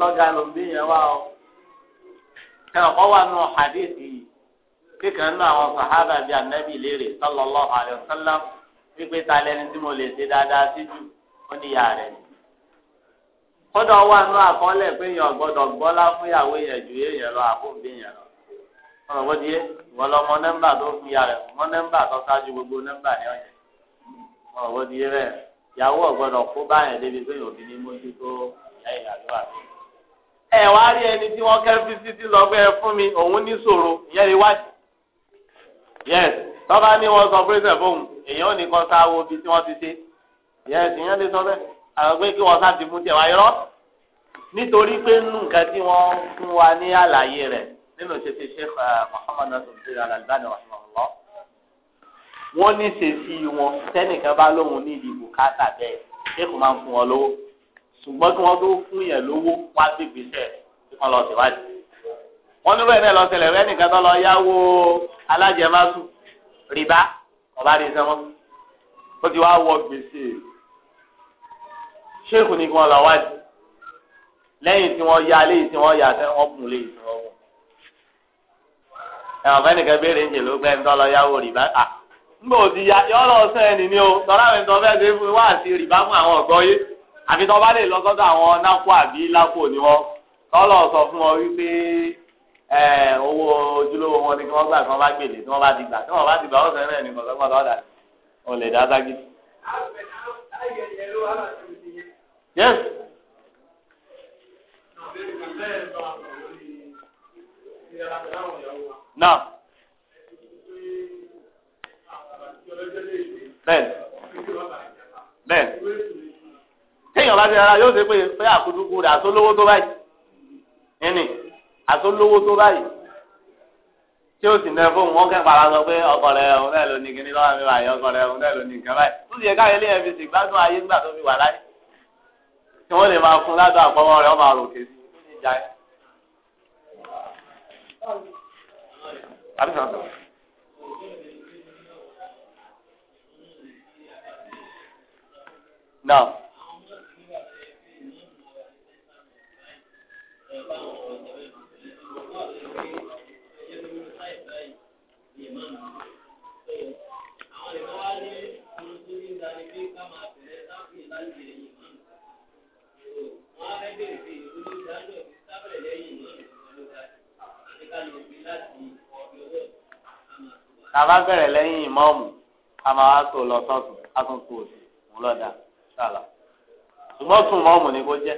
tọ́ga ló ń bí yẹn wá o ẹ̀wọ̀n kọ́ wà nù hadith yìí kíkan nù àwọn sàhábà bíi anabi léèrè sallallahu alayhi wa sallam wípé ta lẹni tí mo lè ṣe dáadáa sí jù ó ní ìyá rẹ̀ ni kódà wà nù àkọọ́lẹ̀ pé èèyàn gbọ́dọ̀ gbọ́lá fún ìyàwó èèyàn ju èèyàn lọ àbóǹbí èèyàn lọ ọ̀rọ̀ bó di yé wọ́n lọ mọ nọ́mbà tó fún ìyá rẹ̀ mọ nọ́mbà tó ṣáájú gbogbo nọ́mbà ní ọ̀yẹ́ ọ̀rọ̀ bó di yé bẹ́ẹ̀ ìyàwó ọ̀gbọ́dọ̀ kó báyẹn débi pé òbí ní mójútó ẹ̀yà ló wà fún ẹ wá rí ẹni tí wọ́n kẹ́ fi títí lọ pé ẹ fún mi òun ní ṣòro ìyẹn lè wájú. yes tọ́ba ní wọ́n sọ pé ṣẹ̀ fóun èèyàn ò ní kan sáwọ́ bí tí wọ́n ti ṣe. yes ìyẹn lè sọ bẹ́ẹ̀ àwọn pé kí wọ́n sá ti mú tiẹ̀ wá irọ́. nítorí pé nù nǹkan tí wọ́n fún wa ní àlàyé rẹ̀ nínú ṣe ti ṣe eh, Muhammadu sọ̀tún Al-Albani rahimahullah. wọ́n ní ṣèṣì wọn sẹ́nìkan bá lóhun ní ìdìbò káàtà bẹ́ẹ̀ ṣé kò máa ń fún wọn lówó ṣùgbọ́n kí wọ́n tó fún yẹn lówó wá sí gbèsè kí wọ́n lọ síwájú. wọ́n ní bẹ́ẹ̀ lọ ṣẹlẹ̀ rẹ́ nìkan tó lọ yáwó alájẹmásù rìbá ọba ní sẹ́wọ́n ó ti wá wọ gbèsè ṣéèkù ni kí wọ́n lọ wájú lẹ́yìn tí wọ́n ya léyìí tí wọ́n ya sẹ́wọ́n wọ́n kùn léyìí tí wọ́n wọ̀. ẹ̀wọ̀n fẹ́ nìkan béèrè ìjìn ló gbẹ́ ń lọ yáwó rìbá à ń ti ya yọ́ àfi tó bá lè lọ sọ́dọ̀ àwọn náfò àbí lápò ni wọ́n tọ́lọ̀ sọ fún wọn wípé owó ojúlówó wọn ni kí wọ́n gbà kí wọ́n bá gbèlè tí wọ́n bá ti gbà tí wọ́n bá ti gbà ó sẹ́yìn náà ní kọ̀ọ̀kan lọ́dà ò lè dá ságí. yes. náà. bẹ́ẹ̀ bẹ́ẹ̀ téèyàn bá ti rárá yóò ṣe pé pé àkúdúkú rẹ̀ àtólówó tó báyìí nínú àtólówó tó báyìí tí ó sì nẹ fóun wọn kẹfà ara sọ pé ọkọ rẹ òun náà ló ní kíní lọ́wọ́ mi báyìí ọkọ rẹ òun náà ló ní nǹkan báyìí tó sì yẹ káyọ̀ ilé yẹn gbádùn ayé nígbà tó fi wà láyé tí wọ́n lè máa fún ládùn àpọ́wọ́ rẹ̀ ọmọ àròkè sí i ìjà yẹn. Now. tàbá bẹ̀rẹ̀ lẹ́yìn ìmọ̀ọ́mù a máa wá tó lọ sọ́tún a tún tó òsì òun lọ́dà ṣàlà ṣùgbọ́n tún ìmọ̀ọ́mù ni kò jẹ́.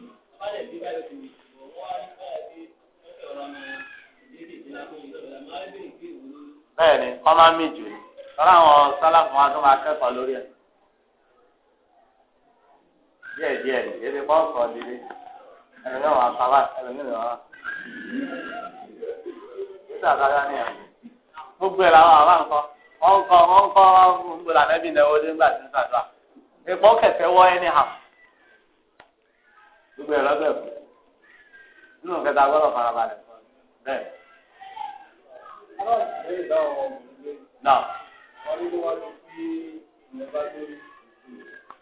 bẹ́ẹ̀ni kọ́ máa ń mì jù ní tọ́lá àwọn sálàfù wa tó máa kẹ́kọ̀ọ́ lórí ẹ̀ díẹ̀ díẹ̀ ní ebi kọ́ sọ̀ dídí ẹlòmíràn wà sábà ẹlòmíràn wà nígbà tá a dá ní ẹ̀ gbogbo ẹ̀ làwọn àbá ń kọ́ wọ́n ń kọ́ wọ́n ń kọ́ gbogbo làmẹ́bí náà wọlé ńgbà tí ń sàdúrà ìpọ́kẹ̀tẹ̀ wọ́ ẹni hàn gbogbo ẹ̀rọ bẹ̀ kú nínú kẹta gbọ́dọ̀ farabalẹ̀ bẹ́ẹ̀. aláàbò lè dá àwọn ọmọ ìlú náà wọn ní wọn ti fi ìyẹn bá lórí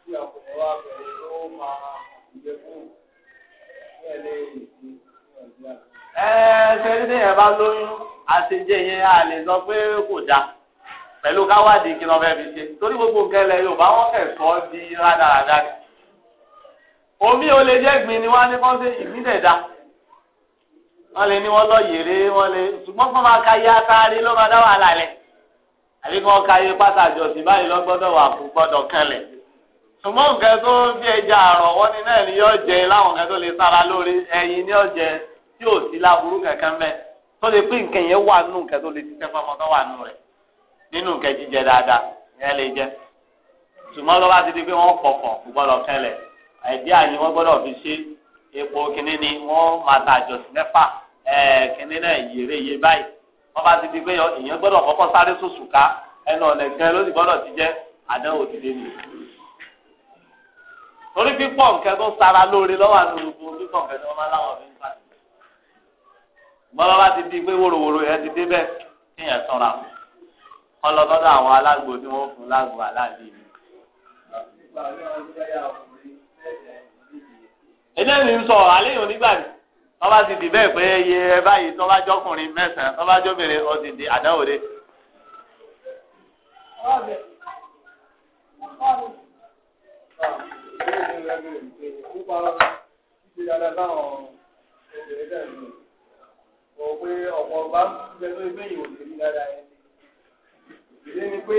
tí àkókò wa bẹ̀rẹ̀ ló máa yẹ fún ẹ lè ṣe ìyẹn. ẹ ṣe ní ìyẹn bá lóyún àṣejẹ yẹn a lè sọ pé kò dáa pẹ̀lú káwádìí kí ni fẹ́ fi ṣe torí gbogbo nǹkan ilẹ̀ Yorùbá wọ́n kẹ̀ sọ di rádaràda ni. omi ò lè jẹ́ gbin ni wọ́n á ní kọ́ sí ìpínlẹ̀ wọ́n lè ní wọ́n lọ yèrè wọ́n lè ṣùgbọ́n fún ma ka yá sáré ló ma dá wàhálà lẹ̀ àbí kí ka yé pàtàkì ọ̀sìn báyìí lọ wà fún gbọ́dọ̀ ṣùgbọ́n nǹkan tó ń bí ẹja àrọ̀ wọ́n ní náà yóò jẹ láwọn nǹkan tó lè sára lórí ẹyin ni yóò tí ò sí láburú kankan mẹ́ tó lè pín nǹkan ẹ̀dí àyè wọ́n gbọ́dọ̀ fi ṣe epo kínní ni wọ́n máa ta àjọsìn mẹ́fà kínní náà yèrè yé báyìí wọ́n bá ti di pé èèyàn gbọ́dọ̀ kọ́kọ́ sáré sòsù ká ẹnu ọ̀nà ìkẹ́ ló sì ti jẹ́ àdánwò ti dé torí pípọ̀ nǹkan tó sara lóore lọ́wọ́ àti olùkọ́ pípọ̀ nǹkan tó máa láwọn fi ń pàdé. bọ́lá ti di pé wòròwòrò yẹn ti dé bẹ́ẹ̀ kéèyàn sanra kọ́ lọ àwọn alágbo tí wọ́n fún lágbo aláàbí mi ẹ̀dá mi ń sọ àléyìn onígbà mi tọ́ba ti di bẹ́ẹ̀ pé iye báyìí tọ́ba jọkùnrin mẹ́sàn-án tọ́ba jọbìnrin ọ̀sìn di àdáwòde. ọ̀pọ̀ ọba ń bẹ lórí bẹ́yìn òde dáadáa yẹn ìdí ni pé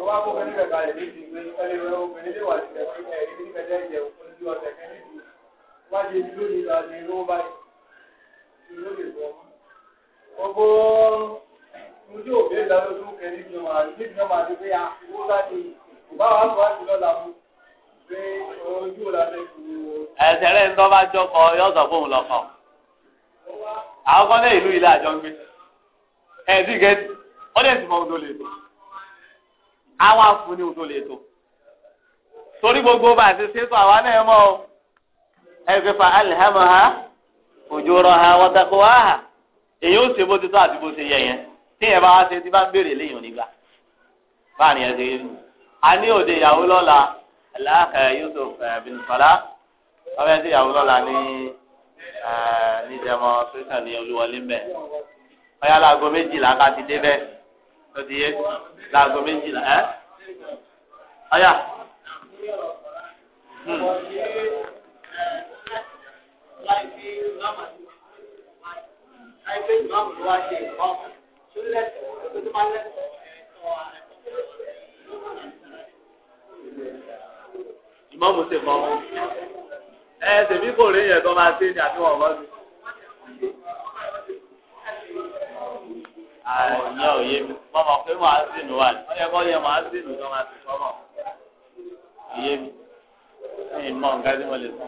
ìwà àkókò níbẹ̀ balẹ̀ léjì pé ẹlẹ́wẹ̀ obìnrin lè wà síbẹ̀ pé ẹ̀rí níbẹ̀ lẹ́jẹ̀ ojú ọ̀sẹ̀ kẹ́lẹ́ ìlú wájú ibi lónìí ìgbà ní ló báyìí ìlú lè bọ́. gbogbo ojú òbí ìlà lójú kẹ́lẹ́ ìjọ máa ní ìjọ máa ti pé àkókò láti ìbá wa sọ láti lọ́la mú pé ojú òlà lè kú. ẹsẹ̀ rẹ̀ ń tọ́ jọkọ yóò àwọn kan lé ìlú ilé àjọ ń gbé ẹ̀ẹ́dì gẹ̀ẹ́dì wọ́n dẹ̀ sì mọ odò lè tó àwọn afun ní odò lè tó torí gbogbo bá a ti ṣètò àwa náà mọ́ ọ ẹgbẹ́ fa alihamaha ujuraha wa taqwaha èyí ó ṣe bó ti tó àti bó ṣe yẹ yẹn tí yẹn bá wá ṣe tí bá ń béèrè léyìn onígbà báàrin ẹ̀ ṣe yé mi a ní òde ìyàwó lọ́la aláàkà Yusuf bin Salah ọbẹ̀ ìyàwó lọ́la ní ní dẹ́mọ́ sísàn ní olúwọlé mbẹ́ ọ̀yá láago méjìlá ká ti dé bẹ́ẹ̀ lọ́dí yé méjìlá ẹ́ ọ̀yà. Hmm. ìmọ̀mù ti mọ̀ ẹ́ tèmi kò rí yẹn tó máa ṣe ní àbí wọ́n àìyá òye mi mọ̀mọ́ pé màá sì nù wà ọ̀yẹ́ kọ́ yẹ màá sì nù lọ́wọ́ àti sọ́mọ̀ òye mi ní ìmọ̀ nǹkan tí mo lè sọ.